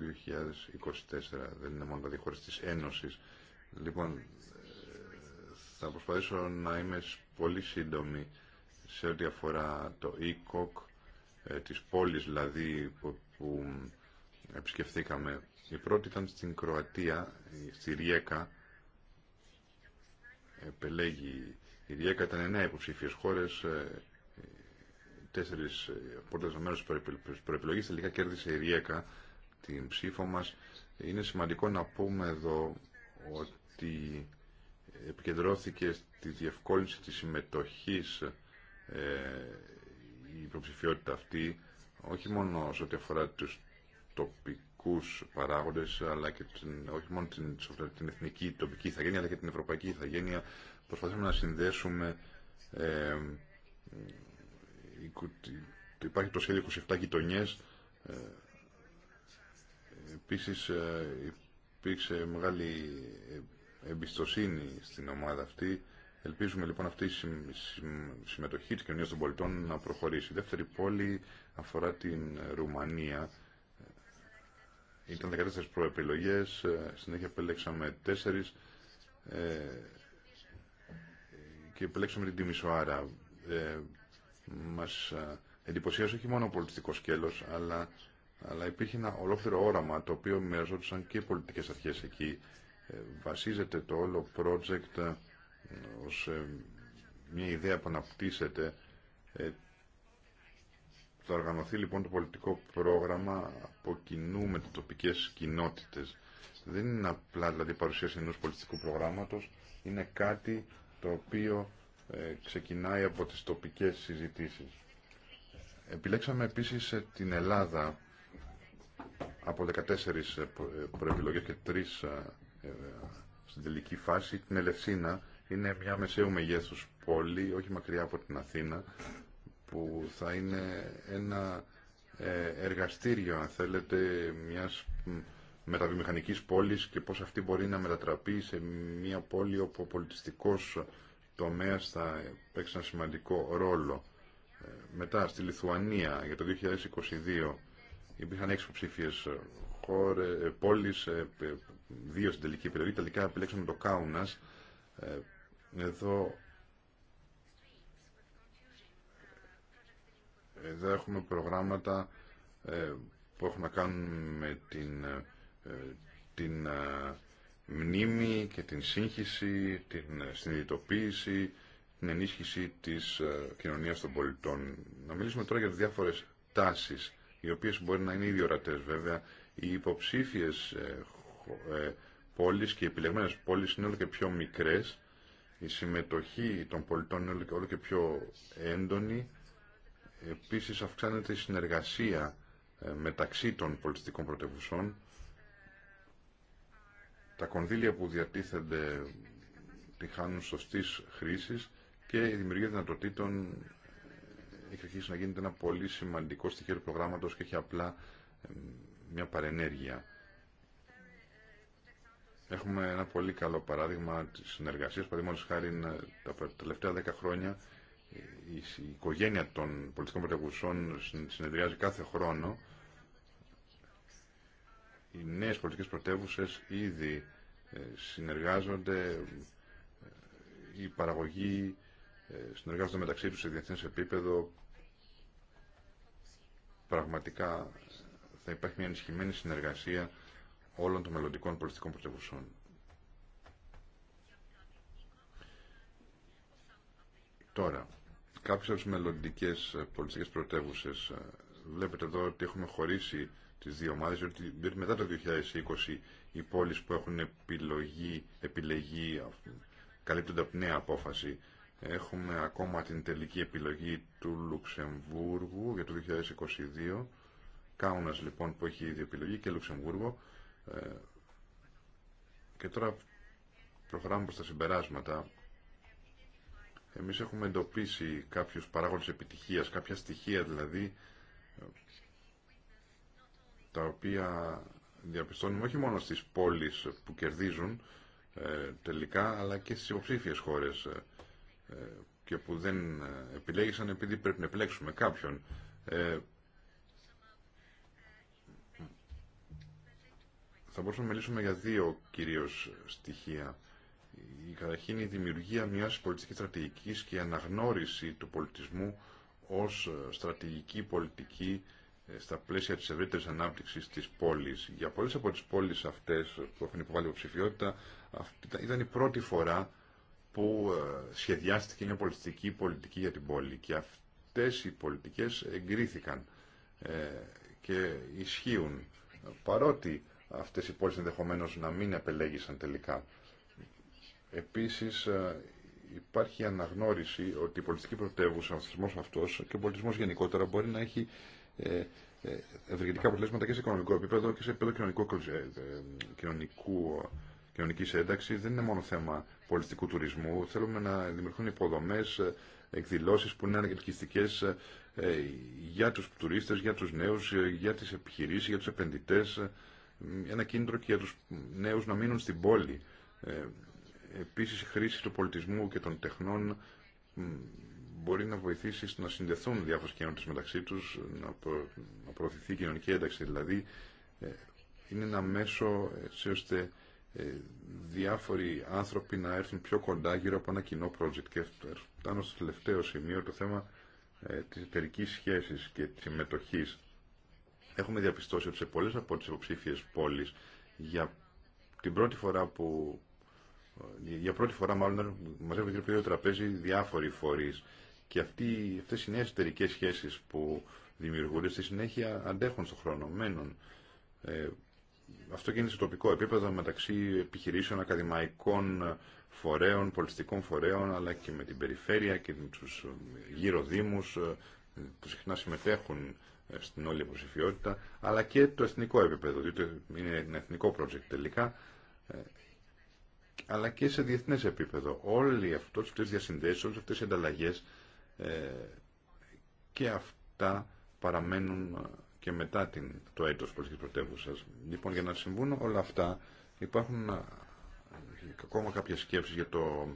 2024 δεν είναι μόνο τα δηλαδή της Ένωσης λοιπόν ε, θα προσπαθήσω να είμαι πολύ σύντομη σε ό,τι αφορά το ECOC ε, της πόλης δηλαδή που, που επισκεφθήκαμε η πρώτη ήταν στην Κροατία στη Ριέκα επελέγει η ΔΙΕΚΑ ήταν 9 υποψήφιες χώρες, ε, τέσσερις ε, πρώτες μέρες προεπιλογής, τελικά κέρδισε η ΡΙΕΚΑ την ψήφο μας. Είναι σημαντικό να πούμε εδώ ότι επικεντρώθηκε στη διευκόλυνση της συμμετοχής ε, η υποψηφιότητα αυτή, όχι μόνο σε ό,τι αφορά τους τοπικούς παράγοντες, αλλά και την, όχι μόνο την, την εθνική, τοπική ηθαγένεια, αλλά και την ευρωπαϊκή ηθαγένεια. Προσπαθούμε να συνδέσουμε ε, υπάρχει το σχέδιο 27 γειτονιέ. ε, επίσης ε, υπήρξε μεγάλη ε, εμπιστοσύνη στην ομάδα αυτή ελπίζουμε λοιπόν αυτή η συμμετοχή της κοινωνίας των πολιτών να προχωρήσει η δεύτερη πόλη αφορά την Ρουμανία ήταν 14 προεπιλογές, ε, συνέχεια επέλεξαμε 4 ε, και επέλεξαμε την Τιμισοάρα. Ε, μας ε, εντυπωσίασε όχι μόνο ο πολιτιστικό σκέλος, αλλά, αλλά υπήρχε ένα ολόκληρο όραμα το οποίο μοιραζόντουσαν και οι πολιτικές αρχέ εκεί. βασίζεται το όλο project ως μια ιδέα που αναπτύσσεται θα οργανωθεί λοιπόν το πολιτικό πρόγραμμα από κοινού με τοπικές κοινότητες. Δεν είναι απλά δηλαδή παρουσίαση ενός πολιτικού προγράμματος, είναι κάτι το οποίο ε, ξεκινάει από τις τοπικές συζητήσεις. Επιλέξαμε επίσης ε, την Ελλάδα από 14 ε, προεπιλογές και 3 στην τελική φάση. Την Ελευσίνα είναι μια μεσαίου μεγέθους πόλη, όχι μακριά από την Αθήνα, που θα είναι ένα ε, εργαστήριο, αν θέλετε, μιας μεταβιομηχανικής πόλης και πώς αυτή μπορεί να μετατραπεί σε μια πόλη όπου ο πολιτιστικός τομέας θα παίξει ένα σημαντικό ρόλο. Ε, μετά, στη Λιθουανία, για το 2022, υπήρχαν έξι ψήφιες χώρες, ε, πόλεις, δύο στην τελική περιοχή, τελικά επιλέξαμε το Κάουνας. Εδώ Εδώ έχουμε προγράμματα ε, που έχουν να κάνουν με την, ε, την ε, μνήμη και την σύγχυση, την συνειδητοποίηση, την ενίσχυση της κοινωνίας των πολιτών. Να μιλήσουμε τώρα για διάφορες τάσεις, οι οποίες μπορεί να είναι ήδη βέβαια. Οι υποψήφιες πόλεις και οι επιλεγμένες πόλεις είναι όλο και πιο μικρές, η συμμετοχή των πολιτών είναι όλο και πιο έντονη, Επίσης αυξάνεται η συνεργασία ε, μεταξύ των πολιτιστικών πρωτεύουσων. Τα κονδύλια που διατίθενται τη χάνουν σωστής χρήσης και η δημιουργία δυνατοτήτων ε, έχει αρχίσει να γίνεται ένα πολύ σημαντικό στοιχείο του προγράμματος και έχει απλά ε, μια παρενέργεια. Έχουμε ένα πολύ καλό παράδειγμα της συνεργασίας, παραδείγματος χάρη τα τελευταία δέκα χρόνια η οικογένεια των πολιτικών πρωτευουσών συνεδριάζει κάθε χρόνο. Οι νέες πολιτικές πρωτεύουσε ήδη ε, συνεργάζονται, ε, η παραγωγή ε, συνεργάζονται μεταξύ τους σε διεθνές επίπεδο. Πραγματικά θα υπάρχει μια ενισχυμένη συνεργασία όλων των μελλοντικών πολιτικών πρωτεύουσών. Τώρα, κάποιες από τις μελλοντικές πολιτικές πρωτεύουσες ε, βλέπετε εδώ ότι έχουμε χωρίσει τις δύο ομάδες, διότι μετά το 2020 οι πόλεις που έχουν επιλογή, επιλεγεί καλύπτονται από νέα απόφαση. Έχουμε ακόμα την τελική επιλογή του Λουξεμβούργου για το 2022. Κάουνας λοιπόν που έχει ήδη επιλογή και Λουξεμβούργο. Ε, και τώρα προχωράμε προς τα συμπεράσματα. Εμείς έχουμε εντοπίσει κάποιους παράγοντες επιτυχίας, κάποια στοιχεία δηλαδή, τα οποία διαπιστώνουμε όχι μόνο στις πόλεις που κερδίζουν ε, τελικά, αλλά και στις υποψήφιες χώρες ε, ε, και που δεν επιλέγησαν επειδή πρέπει να επιλέξουμε κάποιον. θα μπορούσαμε να μιλήσουμε για δύο κυρίως στοιχεία. Η καταρχήν η δημιουργία μιας πολιτικής στρατηγικής και η αναγνώριση του πολιτισμού ως ε, στρατηγική πολιτική ε, στα πλαίσια της ευρύτερη ανάπτυξης της πόλης. Για πολλές από τις πόλεις αυτές που έχουν υποβάλει υποψηφιότητα, ήταν η πρώτη φορά που ε, σχεδιάστηκε μια πολιτική πολιτική για την πόλη και αυτές οι πολιτικές εγκρίθηκαν και ισχύουν παρότι αυτές οι πόλεις ενδεχομένως να μην επελέγησαν τελικά. Επίσης ε, υπάρχει αναγνώριση ότι η πολιτική πρωτεύουσα, ο θεσμός αυτός και ο πολιτισμός γενικότερα μπορεί να έχει ε, ε, ευεργετικά αποτελέσματα και σε οικονομικό επίπεδο και σε επίπεδο κοινωνικού, κοινωνικού, κοινωνικής ένταξης. Δεν είναι μόνο θέμα πολιτικού τουρισμού. Θέλουμε να δημιουργούν υποδομές, εκδηλώσεις που είναι ελκυστικές για τους τουρίστες, για τους νέους, για τις επιχειρήσεις, για τους επενδυτές. Ένα κίνητρο και για τους νέους να μείνουν στην πόλη. Επίσης η χρήση του πολιτισμού και των τεχνών μπορεί να βοηθήσει να συνδεθούν διάφορες κοινότητες μεταξύ τους, να, προ... να προωθηθεί η κοινωνική ένταξη. Δηλαδή ε, είναι ένα μέσο έτσι ώστε ε, διάφοροι άνθρωποι να έρθουν πιο κοντά γύρω από ένα κοινό project. Και ε, φτάνω στο τελευταίο σημείο το θέμα της εταιρική σχέσης και της συμμετοχή. Έχουμε διαπιστώσει ότι σε πολλές από τις υποψήφιες πόλεις για την πρώτη φορά που για πρώτη φορά μάλλον μαζεύουν γύρω τραπέζι διάφοροι φορεί και αυτέ αυτές οι νέες εταιρικέ σχέσεις που δημιουργούνται στη συνέχεια αντέχουν στον χρόνο, μένουν. Ε, αυτό γίνεται σε τοπικό επίπεδο μεταξύ επιχειρήσεων, ακαδημαϊκών φορέων, πολιτιστικών φορέων, αλλά και με την περιφέρεια και τους ε, γύρω δήμους ε, που συχνά συμμετέχουν ε, στην όλη υποψηφιότητα, αλλά και το εθνικό επίπεδο, διότι είναι ένα εθνικό project τελικά αλλά και σε διεθνές επίπεδο. Όλοι αυτές τις διασυνδέσεις, όλες αυτές οι ανταλλαγές ε, και αυτά παραμένουν ε, και μετά την, το έτος πολιτικής πρωτεύουσα. Λοιπόν, για να συμβούν όλα αυτά υπάρχουν ε, ακόμα κάποια σκέψεις για το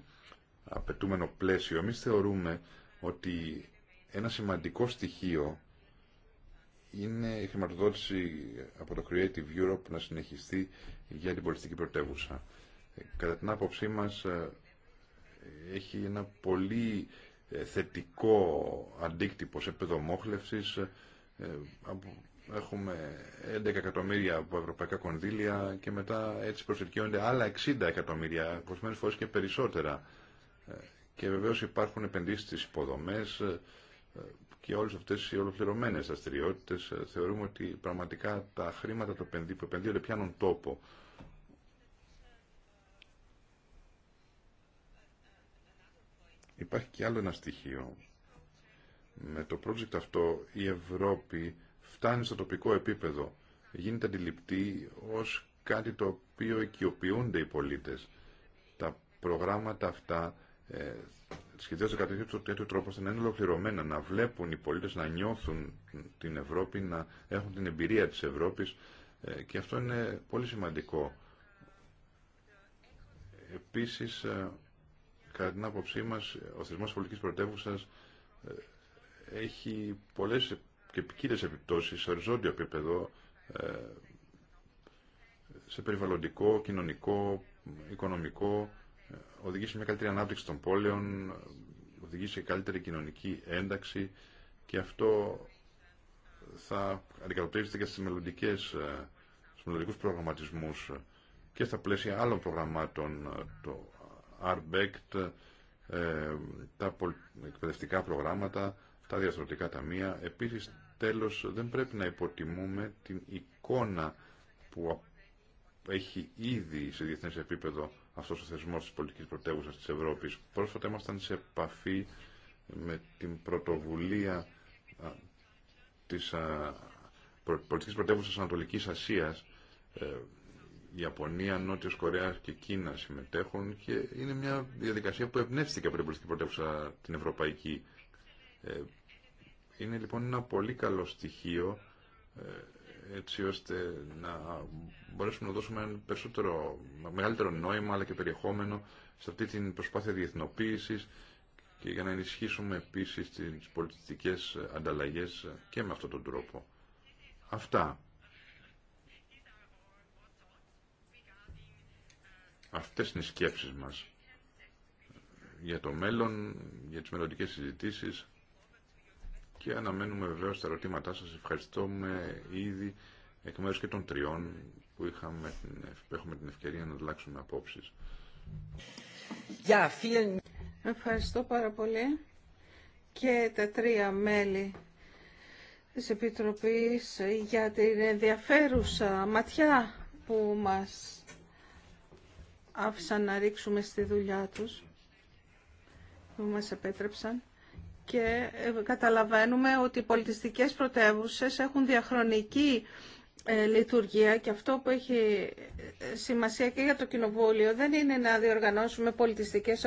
απαιτούμενο πλαίσιο. Εμείς θεωρούμε ότι ένα σημαντικό στοιχείο είναι η χρηματοδότηση από το Creative Europe να συνεχιστεί για την πολιτική πρωτεύουσα κατά την άποψή μας ε, έχει ένα πολύ ε, θετικό αντίκτυπο σε επίπεδο ε, Έχουμε 11 εκατομμύρια από ευρωπαϊκά κονδύλια και μετά έτσι προσελκύονται άλλα 60 εκατομμύρια, προσμένες φορές και περισσότερα. Και βεβαίως υπάρχουν επενδύσεις στις υποδομές και όλες αυτές οι ολοκληρωμένες δραστηριότητε. Θεωρούμε ότι πραγματικά τα χρήματα που επενδύονται πιάνουν τόπο. Υπάρχει και άλλο ένα στοιχείο. Με το project αυτό η Ευρώπη φτάνει στο τοπικό επίπεδο. Γίνεται αντιληπτή ως κάτι το οποίο οικειοποιούνται οι πολίτες. Τα προγράμματα αυτά ε, σχεδιάζονται κατά τέτοιο, τρόπο ώστε να είναι ολοκληρωμένα, να βλέπουν οι πολίτες, να νιώθουν την Ευρώπη, να έχουν την εμπειρία της Ευρώπης ε, και αυτό είναι πολύ σημαντικό. Επίσης, ε, Κατά την άποψή μας, ο θεσμός πολιτικής πρωτεύουσας ε, έχει πολλές και ποικίλε επιπτώσεις σε οριζόντιο επίπεδο, ε, σε περιβαλλοντικό, κοινωνικό, οικονομικό, ε, οδηγεί σε μια καλύτερη ανάπτυξη των πόλεων, οδηγεί σε καλύτερη κοινωνική ένταξη και αυτό θα αντικατοπτρίζεται και στις μελλοντικές στους προγραμματισμούς και στα πλαίσια άλλων προγραμμάτων ARBECT, ε, τα εκπαιδευτικά προγράμματα, τα διαστροτικά ταμεία. Επίσης, τέλος, δεν πρέπει να υποτιμούμε την εικόνα που έχει ήδη σε διεθνές επίπεδο αυτός ο θεσμός της πολιτικής πρωτεύουσας της Ευρώπης. Πρόσφατα ήμασταν σε επαφή με την πρωτοβουλία της πολιτικής πρωτεύουσας Ανατολικής Ασίας ε, Ιαπωνία, Νότιος Κορέα και Κίνα συμμετέχουν και είναι μια διαδικασία που εμπνεύστηκε από την πολιτική πρωτεύουσα την Ευρωπαϊκή. Ε, είναι λοιπόν ένα πολύ καλό στοιχείο ε, έτσι ώστε να μπορέσουμε να δώσουμε ένα περισσότερο, μεγαλύτερο νόημα αλλά και περιεχόμενο σε αυτή την προσπάθεια διεθνοποίησης και για να ενισχύσουμε επίσης τις πολιτιστικές ανταλλαγές και με αυτόν τον τρόπο. Αυτά. Αυτές είναι οι σκέψεις μας για το μέλλον, για τις μελλοντικέ συζητήσεις και αναμένουμε βεβαίως τα ερωτήματά σας. Ευχαριστούμε ήδη εκ μέρους και των τριών που, είχαμε, έχουμε την ευκαιρία να αλλάξουμε απόψεις. Ευχαριστώ πάρα πολύ και τα τρία μέλη της Επιτροπής για την ενδιαφέρουσα ματιά που μας άφησαν να ρίξουμε στη δουλειά τους, που μας επέτρεψαν και ε, καταλαβαίνουμε ότι οι πολιτιστικές πρωτεύουσες έχουν διαχρονική ε, λειτουργία και αυτό που έχει ε, σημασία και για το Κοινοβούλιο δεν είναι να διοργανώσουμε πολιτιστικές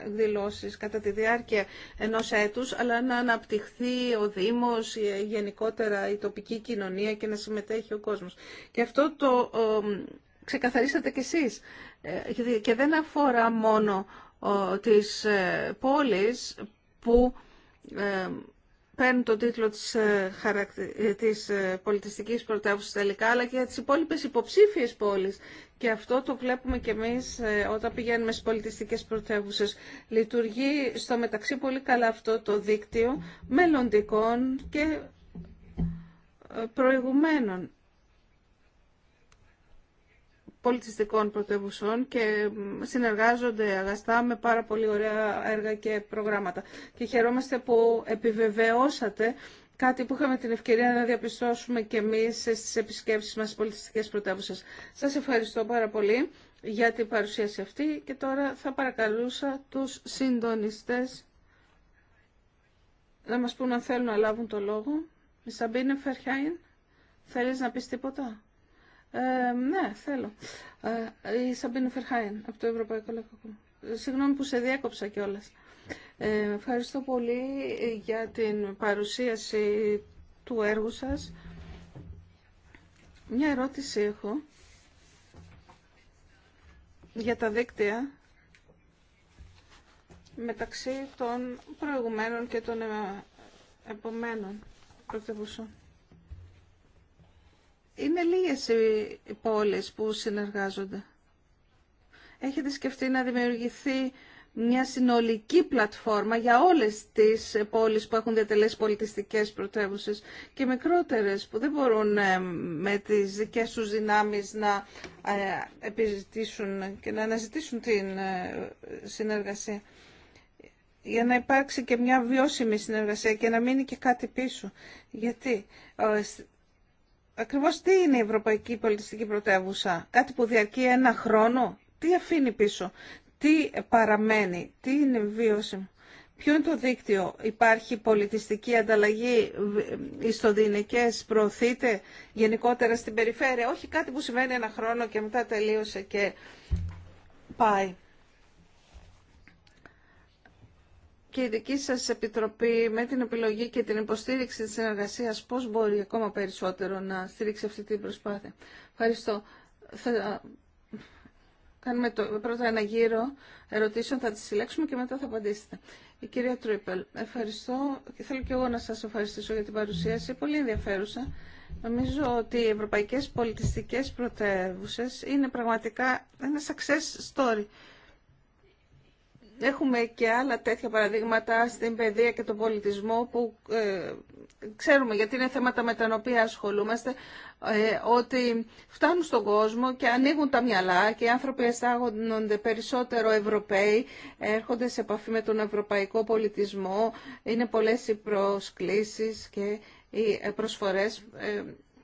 εκδηλώσεις κατά τη διάρκεια ενός έτους αλλά να αναπτυχθεί ο Δήμος, γενικότερα η τοπική κοινωνία και να συμμετέχει ο κόσμος. Και αυτό το ξεκαθαρίσατε κι εσείς. Ε, και δεν αφορά μόνο τις ε, πόλεις που ε, παίρνουν τον τίτλο της, της πολιτιστικής πρωτεύουσας τελικά, αλλά και για τις υπόλοιπες υποψήφιες πόλεις. Και αυτό το βλέπουμε και εμείς όταν πηγαίνουμε στις πολιτιστικές πρωτεύουσες. Λειτουργεί στο μεταξύ πολύ καλά αυτό το δίκτυο μελλοντικών και προηγουμένων πολιτιστικών πρωτεύουσων και συνεργάζονται αγαστά με πάρα πολύ ωραία έργα και προγράμματα. Και χαιρόμαστε που επιβεβαιώσατε κάτι που είχαμε την ευκαιρία να διαπιστώσουμε και εμείς στις επισκέψεις μας στις πολιτιστικές πρωτεύουσες. Σας ευχαριστώ πάρα πολύ για την παρουσίαση αυτή και τώρα θα παρακαλούσα τους συντονιστές να μας πούν αν θέλουν να λάβουν το λόγο. Μισαμπίνε Φερχάιν, θέλεις να πεις τίποτα. Ε, ναι, θέλω. Ε, η Σαμπίνα Φερχάιν από το Ευρωπαϊκό Λαϊκό Κόμμα. Συγγνώμη που σε διέκοψα κιόλα. Ε, ευχαριστώ πολύ για την παρουσίαση του έργου σας. Μια ερώτηση έχω για τα δίκτυα μεταξύ των προηγουμένων και των ε, επομένων πρωτεύουσων. Είναι λίγες οι πόλεις που συνεργάζονται. Έχετε σκεφτεί να δημιουργηθεί μια συνολική πλατφόρμα για όλες τις πόλεις που έχουν διατελέσει πολιτιστικές πρωτεύουσες και μικρότερες που δεν μπορούν ε, με τις δικές τους δυνάμεις να ε, επιζητήσουν και να αναζητήσουν την ε, συνεργασία για να υπάρξει και μια βιώσιμη συνεργασία και να μείνει και κάτι πίσω. Γιατί Ακριβώς τι είναι η Ευρωπαϊκή Πολιτιστική Πρωτεύουσα, κάτι που διαρκεί ένα χρόνο, τι αφήνει πίσω, τι παραμένει, τι είναι βιώσιμο. Ποιο είναι το δίκτυο, υπάρχει πολιτιστική ανταλλαγή ε, στο Δινεκές, προωθείται γενικότερα στην περιφέρεια, όχι κάτι που συμβαίνει ένα χρόνο και μετά τελείωσε και πάει. και η δική σας Επιτροπή με την επιλογή και την υποστήριξη της συνεργασίας πώς μπορεί ακόμα περισσότερο να στηρίξει αυτή την προσπάθεια. Ευχαριστώ. Θα κάνουμε το, πρώτα ένα γύρο ερωτήσεων, θα τις συλλέξουμε και μετά θα απαντήσετε. Η κυρία Τρίπελ, ευχαριστώ και θέλω και εγώ να σας ευχαριστήσω για την παρουσίαση, πολύ ενδιαφέρουσα. Νομίζω ότι οι ευρωπαϊκές πολιτιστικές πρωτεύουσες είναι πραγματικά ένα success story. Έχουμε και άλλα τέτοια παραδείγματα στην παιδεία και τον πολιτισμό που ε, ξέρουμε γιατί είναι θέματα με τα οποία ασχολούμαστε ε, ότι φτάνουν στον κόσμο και ανοίγουν τα μυαλά και οι άνθρωποι αισθάνονται περισσότερο Ευρωπαίοι, έρχονται σε επαφή με τον ευρωπαϊκό πολιτισμό, είναι πολλές οι προσκλήσεις και οι ε, προσφορές.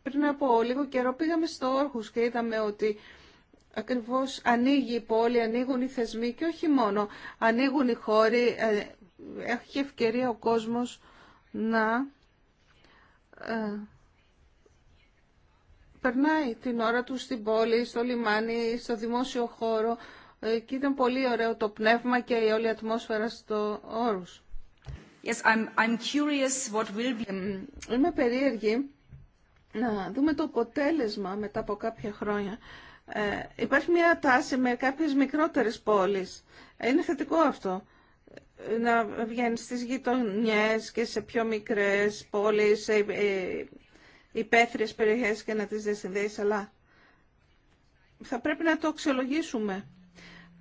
πριν από λίγο καιρό πήγαμε στο Όρχους και είδαμε ότι ακριβώς ανοίγει η πόλη, ανοίγουν οι θεσμοί και όχι μόνο, ανοίγουν οι χώροι, ε, έχει ευκαιρία ο κόσμος να ε, περνάει την ώρα του στην πόλη, στο λιμάνι, στο δημόσιο χώρο ε, και ήταν πολύ ωραίο το πνεύμα και η όλη ατμόσφαιρα στο όρους. Yes, I'm, I'm curious what will be... Είμαι περίεργη να δούμε το αποτέλεσμα μετά από κάποια χρόνια ε, υπάρχει μια τάση με κάποιες μικρότερες πόλεις. Είναι θετικό αυτό να βγαίνει στις γειτονιές και σε πιο μικρές πόλεις, σε ε, υπαίθριες περιοχές και να τις διασυνδέεις, αλλά θα πρέπει να το αξιολογήσουμε.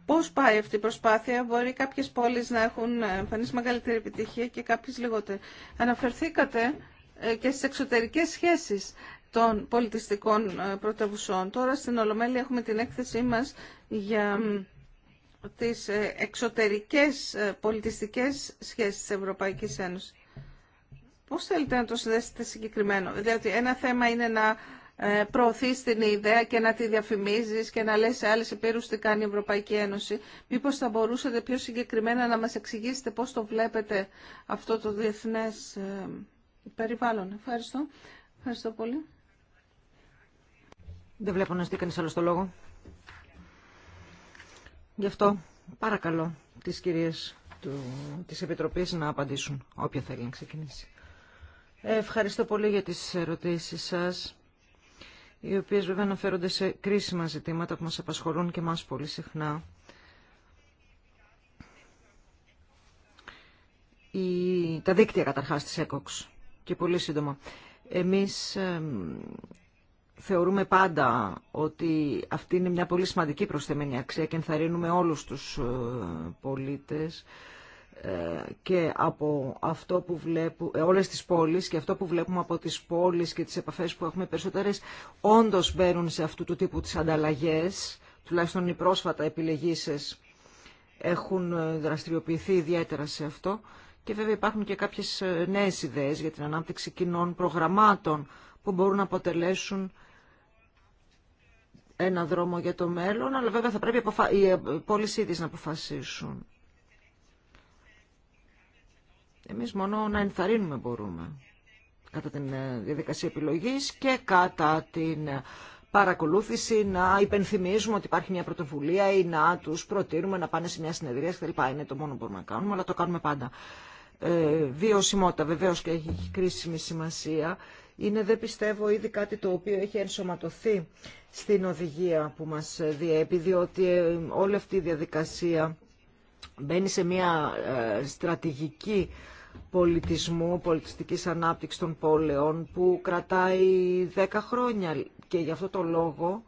Πώς πάει αυτή η προσπάθεια, μπορεί κάποιες πόλεις να έχουν εμφανίσει μεγαλύτερη επιτυχία και κάποιες λιγότερη. Αναφερθήκατε ε, και στις εξωτερικές σχέσεις των πολιτιστικών ε, πρωτευουσών. Τώρα στην Ολομέλη έχουμε την έκθεσή μας για τις ε, εξωτερικές ε, πολιτιστικές σχέσεις της Ευρωπαϊκής Ένωσης. Πώς θέλετε να το συνδέσετε συγκεκριμένο, διότι ένα θέμα είναι να προωθεί την ιδέα και να τη διαφημίζεις και να λες σε άλλες επίρους τι κάνει η Ευρωπαϊκή Ένωση. Μήπως θα μπορούσατε πιο συγκεκριμένα να μας εξηγήσετε πώς το βλέπετε αυτό το διεθνές περιβάλλον. Ευχαριστώ. Ευχαριστώ πολύ. Δεν βλέπω να ζητεί κανείς άλλο το λόγο. Γι' αυτό παρακαλώ τις κυρίες του, της Επιτροπής να απαντήσουν όποια θέλει να ξεκινήσει. Ευχαριστώ πολύ για τις ερωτήσεις σας, οι οποίες βέβαια αναφέρονται σε κρίσιμα ζητήματα που μας απασχολούν και μας πολύ συχνά. τα δίκτυα καταρχάς της ΕΚΟΚΣ και πολύ σύντομα. Εμείς θεωρούμε πάντα ότι αυτή είναι μια πολύ σημαντική προσθεμένη αξία και ενθαρρύνουμε όλους τους ε, πολίτες ε, και από αυτό που βλέπουμε, όλες τις πόλεις και αυτό που βλέπουμε από τις πόλεις και τις επαφές που έχουμε περισσότερες όντως μπαίνουν σε αυτού του τύπου τις ανταλλαγές, τουλάχιστον οι πρόσφατα επιλεγήσεις έχουν ε, δραστηριοποιηθεί ιδιαίτερα σε αυτό και βέβαια υπάρχουν και κάποιες νέες ιδέες για την ανάπτυξη κοινών προγραμμάτων που μπορούν να αποτελέσουν ένα δρόμο για το μέλλον, αλλά βέβαια θα πρέπει οι πόλεις ίδιες να αποφασίσουν. Εμείς μόνο να ενθαρρύνουμε μπορούμε κατά την ε, διαδικασία επιλογής και κατά την ε, παρακολούθηση να υπενθυμίζουμε ότι υπάρχει μια πρωτοβουλία ή να τους προτείνουμε να πάνε σε μια συνεδρία κτλ. Είναι το μόνο που μπορούμε να κάνουμε, αλλά το κάνουμε πάντα. Ε, βιωσιμότητα βεβαίως και έχει κρίσιμη σημασία είναι δεν πιστεύω ήδη κάτι το οποίο έχει ενσωματωθεί στην οδηγία που μας διέπει, διότι ε, όλη αυτή η διαδικασία μπαίνει σε μια ε, στρατηγική πολιτισμού, πολιτιστικής ανάπτυξης των πόλεων που κρατάει 10 χρόνια και γι' αυτό το λόγο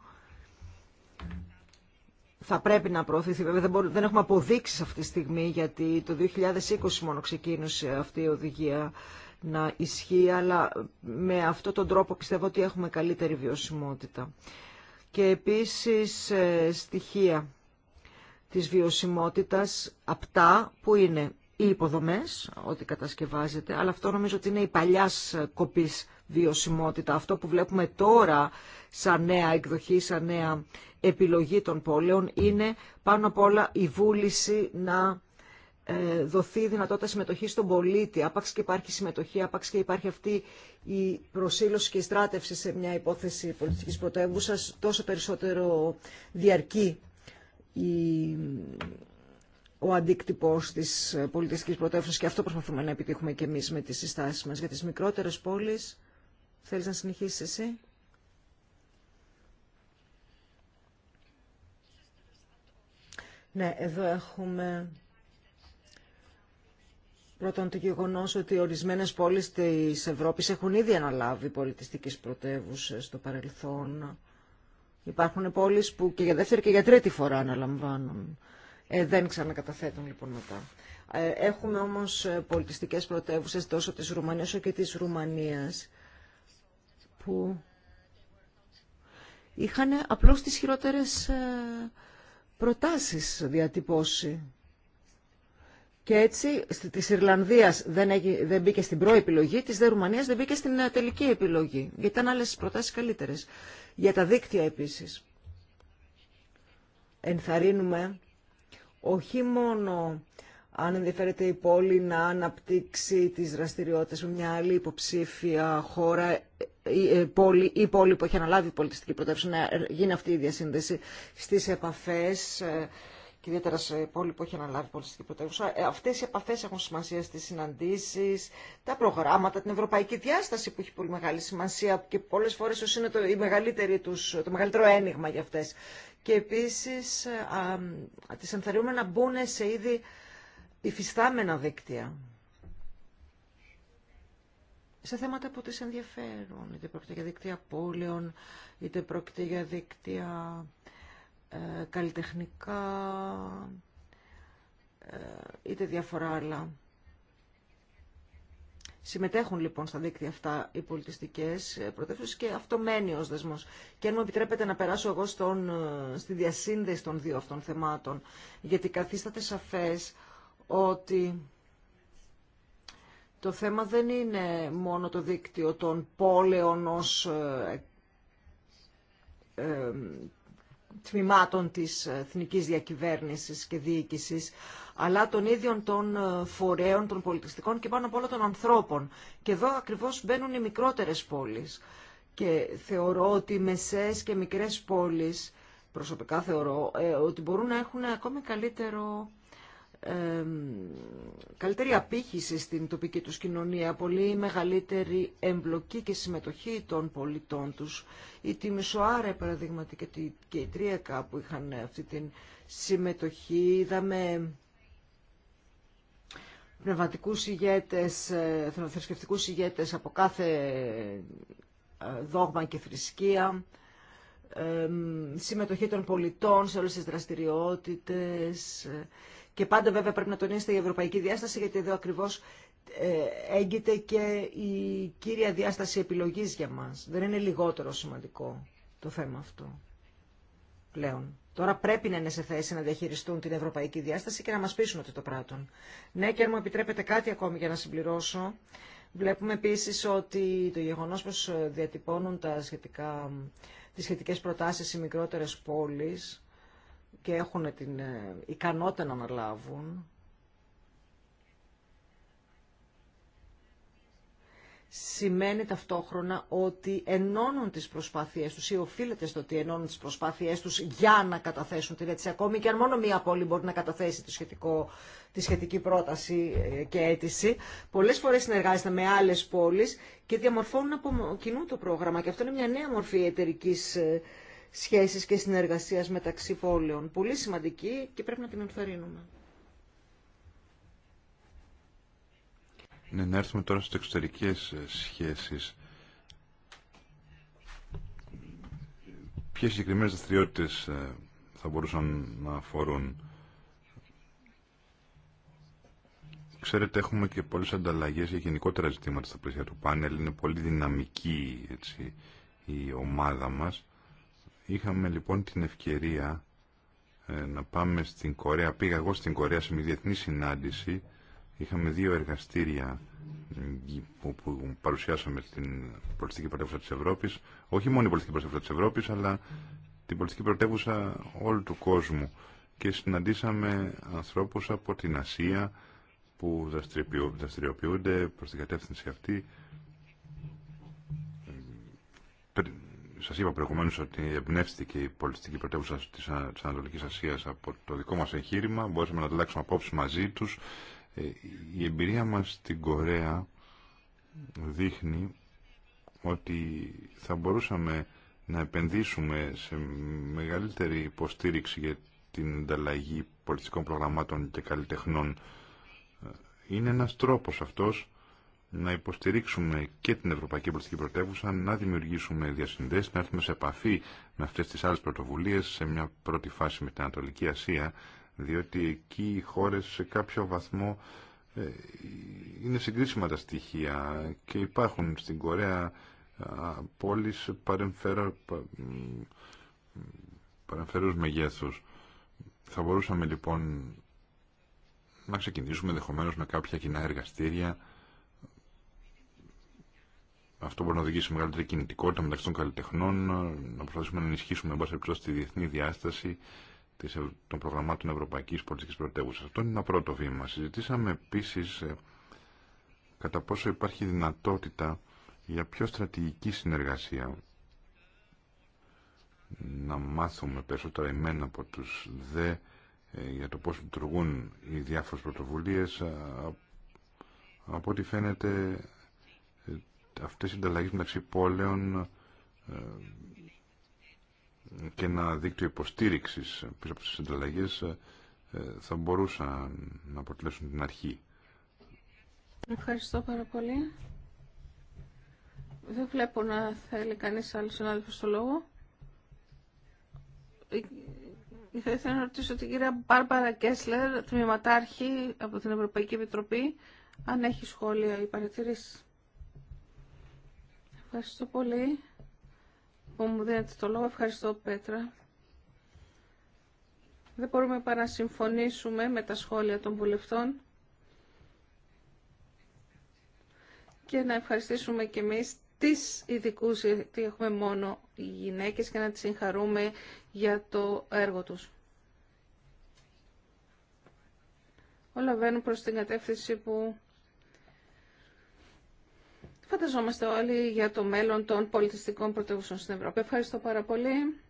θα πρέπει να προωθηθεί. Βέβαια δεν, μπορούμε, δεν έχουμε αποδείξει αυτή τη στιγμή γιατί το 2020 μόνο ξεκίνησε αυτή η οδηγία να ισχύει, αλλά με αυτόν τον τρόπο πιστεύω ότι έχουμε καλύτερη βιωσιμότητα. Και επίσης ε, στοιχεία της βιωσιμότητας απτά που είναι οι υποδομές, ό,τι κατασκευάζεται, αλλά αυτό νομίζω ότι είναι η παλιάς κοπής βιωσιμότητα. Αυτό που βλέπουμε τώρα σαν νέα εκδοχή, σαν νέα επιλογή των πόλεων είναι πάνω απ' όλα η βούληση να ε, δοθεί δυνατότητα συμμετοχή στον πολίτη, άπαξ και υπάρχει συμμετοχή, άπαξ και υπάρχει αυτή η προσήλωση και η στράτευση σε μια υπόθεση πολιτικής πρωτεύουσα, τόσο περισσότερο διαρκεί ο αντίκτυπο της πολιτιστική πρωτεύουσα και αυτό προσπαθούμε να επιτύχουμε και εμείς με τι συστάσεις μας. Για τις μικρότερε πόλεις, Θέλει να συνεχίσει εσύ. Ναι, εδώ έχουμε Πρώτον, το γεγονό ότι ορισμένε πόλει τη Ευρώπη έχουν ήδη αναλάβει πολιτιστικέ πρωτεύουσε στο παρελθόν. Υπάρχουν πόλει που και για δεύτερη και για τρίτη φορά αναλαμβάνουν. Ε, δεν ξανακαταθέτουν λοιπόν μετά. Ε, έχουμε όμω ε, πολιτιστικέ πρωτεύουσε τόσο τη Ρουμανία όσο και τη Ρουμανία που είχαν απλώ τι χειρότερε προτάσει διατυπώσει και έτσι τη Ιρλανδία δεν, μπήκε στην προεπιλογή, της δε Ρουμανίας δεν μπήκε στην ε, τελική επιλογή, γιατί ήταν άλλες προτάσεις καλύτερες. Για τα δίκτυα επίση. Ενθαρρύνουμε όχι μόνο αν ενδιαφέρεται η πόλη να αναπτύξει τις δραστηριότητες με μια άλλη υποψήφια χώρα ή ε, πόλη, ή πόλη που έχει αναλάβει πολιτιστική πρωτεύουσα να γίνει αυτή η διασύνδεση στις επαφές ε, και ιδιαίτερα σε πόλη που έχει αναλάβει πολιτιστική πρωτεύουσα. Ε, αυτέ οι επαφέ έχουν σημασία στι συναντήσει, τα προγράμματα, την ευρωπαϊκή διάσταση που έχει πολύ μεγάλη σημασία και πολλέ φορέ όσοι είναι το, το μεγαλύτερο ένιγμα για αυτέ. Και επίση τι ε, τις ενθαρρύνουμε να μπουν σε ήδη υφιστάμενα δίκτυα σε θέματα που τις ενδιαφέρουν, είτε πρόκειται για δίκτυα πόλεων, είτε πρόκειται για δίκτυα ε, καλλιτεχνικά, ε, είτε διαφορά άλλα. Συμμετέχουν λοιπόν στα δίκτυα αυτά οι πολιτιστικέ πρωτεύουσε και αυτό μένει ω δεσμό. Και αν μου επιτρέπετε να περάσω εγώ ε, στη διασύνδεση των δύο αυτών θεμάτων, γιατί καθίσταται σαφέ ότι το θέμα δεν είναι μόνο το δίκτυο των πόλεων ως τμήματων της εθνικής διακυβέρνησης και διοίκησης, αλλά των ίδιων των ε, φορέων, των πολιτιστικών και πάνω απ' όλα των ανθρώπων. Και εδώ ακριβώς μπαίνουν οι μικρότερες πόλεις. Και θεωρώ ότι οι μεσές και μικρές πόλεις, προσωπικά θεωρώ, ε, ότι μπορούν να έχουν ακόμη καλύτερο καλύτερη απήχηση στην τοπική τους κοινωνία, πολύ μεγαλύτερη εμπλοκή και συμμετοχή των πολιτών τους. Η Τιμισοάρα, παραδείγματι, και η Τρίακα που είχαν αυτή την συμμετοχή, είδαμε πνευματικούς ηγέτες, ε, θρησκευτικούς ηγέτες από κάθε ε, δόγμα και θρησκεία, συμμετοχή των πολιτών σε όλες τις δραστηριότητες, και πάντα βέβαια πρέπει να τονίσετε η ευρωπαϊκή διάσταση, γιατί εδώ ακριβώς ε, έγκυται και η κύρια διάσταση επιλογής για μας. Δεν είναι λιγότερο σημαντικό το θέμα αυτό πλέον. Τώρα πρέπει να είναι σε θέση να διαχειριστούν την ευρωπαϊκή διάσταση και να μας πείσουν ότι το πράττουν. Ναι, και αν μου επιτρέπετε κάτι ακόμη για να συμπληρώσω. Βλέπουμε επίσης ότι το γεγονός πως διατυπώνουν τα σχετικά, τις σχετικές προτάσεις οι μικρότερες πόλεις, και έχουν την ε, ικανότητα να αναλάβουν σημαίνει ταυτόχρονα ότι ενώνουν τις προσπάθειές τους ή οφείλεται στο ότι ενώνουν τις προσπάθειές τους για να καταθέσουν την αίτηση. Ακόμη και αν μόνο μία πόλη μπορεί να καταθέσει το σχετικό, τη σχετική πρόταση ε, και αίτηση. Πολλές φορές συνεργάζεται με άλλες πόλεις και διαμορφώνουν από κοινού το πρόγραμμα. Και αυτό είναι μια νέα μορφή κοινου το προγραμμα και αυτο ειναι μια νεα μορφη εταιρικη ε, σχέσεις και συνεργασίας μεταξύ πόλεων. Πολύ σημαντική και πρέπει να την ενθαρρύνουμε. Ναι, να έρθουμε τώρα στις εξωτερικές ε, σχέσεις. Ποιες συγκεκριμένες δραστηριότητε ε, θα μπορούσαν να αφορούν. Ξέρετε, έχουμε και πολλές ανταλλαγές για γενικότερα ζητήματα στα πλαίσια του πάνελ. Είναι πολύ δυναμική έτσι, η ομάδα μας. Είχαμε λοιπόν την ευκαιρία ε, να πάμε στην Κορέα. Πήγα εγώ στην Κορέα σε μια διεθνή συνάντηση. Είχαμε δύο εργαστήρια που, παρουσιάσαμε στην πολιτική πρωτεύουσα της Ευρώπης. Όχι μόνο η πολιτική πρωτεύουσα της Ευρώπης, αλλά την πολιτική πρωτεύουσα όλου του κόσμου. Και συναντήσαμε ανθρώπους από την Ασία που δραστηριοποιούνται προς την κατεύθυνση αυτή ε, σας είπα προηγουμένως ότι εμπνεύστηκε η πολιτιστική πρωτεύουσα της Ανατολικής Ασίας από το δικό μας εγχείρημα. Μπορούσαμε να αλλάξουμε απόψεις μαζί τους. Ε, η εμπειρία μας στην Κορέα δείχνει ότι θα μπορούσαμε να επενδύσουμε σε μεγαλύτερη υποστήριξη για την ανταλλαγή πολιτιστικών προγραμμάτων και καλλιτεχνών. Ε, είναι ένας τρόπος αυτός να υποστηρίξουμε και την Ευρωπαϊκή Πολιτική Πρωτεύουσα, να δημιουργήσουμε διασυνδέσεις, να έρθουμε σε επαφή με αυτές τις άλλες πρωτοβουλίες σε μια πρώτη φάση με την Ανατολική Ασία, διότι εκεί οι χώρες σε κάποιο βαθμό ε, είναι συγκρίσιμα τα στοιχεία και υπάρχουν στην Κορέα πόλεις παρεμφερα... παρεμφερούς μεγέθους. Θα μπορούσαμε λοιπόν να ξεκινήσουμε ενδεχομένω με κάποια κοινά εργαστήρια αυτό μπορεί να οδηγήσει μεγαλύτερη κινητικότητα μεταξύ των καλλιτεχνών, να προσπαθήσουμε να ενισχύσουμε, εν πάση τη διεθνή διάσταση των προγραμμάτων Ευρωπαϊκή Πολιτική Πρωτεύουσα. Αυτό είναι ένα πρώτο βήμα. Συζητήσαμε επίση ε, κατά πόσο υπάρχει δυνατότητα για πιο στρατηγική συνεργασία. Να μάθουμε περισσότερα εμένα από τους δε ε, για το πώς λειτουργούν οι διάφορες πρωτοβουλίες. Από ό,τι φαίνεται αυτές οι ανταλλαγές μεταξύ πόλεων ε, και ένα δίκτυο υποστήριξης πίσω από τις ανταλλαγές ε, θα μπορούσαν να αποτελέσουν την αρχή. Ευχαριστώ πάρα πολύ. Δεν βλέπω να θέλει κανείς άλλος συνάδελφος στο λόγο. Ε, θα ήθελα να ρωτήσω την κυρία Μπάρμπαρα Κέσλερ, τμήματάρχη από την Ευρωπαϊκή Επιτροπή, αν έχει σχόλια ή παρατηρήσει. Ευχαριστώ πολύ που μου δίνετε το λόγο. Ευχαριστώ, Πέτρα. Δεν μπορούμε παρά να συμφωνήσουμε με τα σχόλια των βουλευτών και να ευχαριστήσουμε και εμείς τις ειδικού γιατί έχουμε μόνο οι γυναίκες και να τις συγχαρούμε για το έργο τους. Όλα βαίνουν προς την κατεύθυνση που φανταζόμαστε όλοι για το μέλλον των πολιτιστικών πρωτεύουσων στην Ευρώπη. Ευχαριστώ πάρα πολύ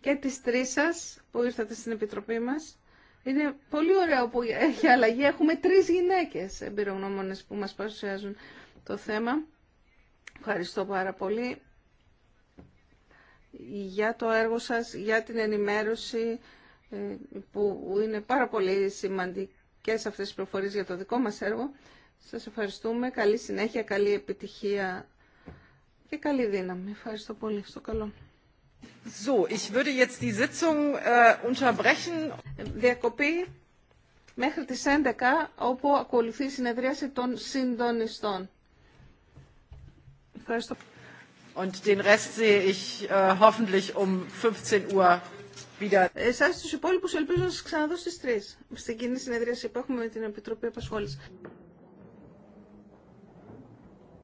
και τις τρεις σας που ήρθατε στην Επιτροπή μας. Είναι πολύ ωραίο που έχει αλλαγή. Έχουμε τρεις γυναίκες εμπειρογνώμονες που μας παρουσιάζουν το θέμα. Ευχαριστώ πάρα πολύ για το έργο σας, για την ενημέρωση ε, που είναι πάρα πολύ σημαντικές αυτές οι προφορίες για το δικό μας έργο. Σας ευχαριστούμε. Καλή συνέχεια, καλή επιτυχία και καλή δύναμη. Ευχαριστώ πολύ. Στο καλό. So, ich würde jetzt die Sitzung äh, unterbrechen. Διακοπή μέχρι τις 11, όπου ακολουθεί η συνεδρίαση των συντονιστών. Ευχαριστώ. Und den Rest sehe ich äh, hoffentlich um 15 Uhr wieder. Εσάς τους υπόλοιπους ελπίζω να σας ξαναδώ στις 3, στην κοινή συνεδρίαση που έχουμε με την Επιτροπή Απασχόλησης.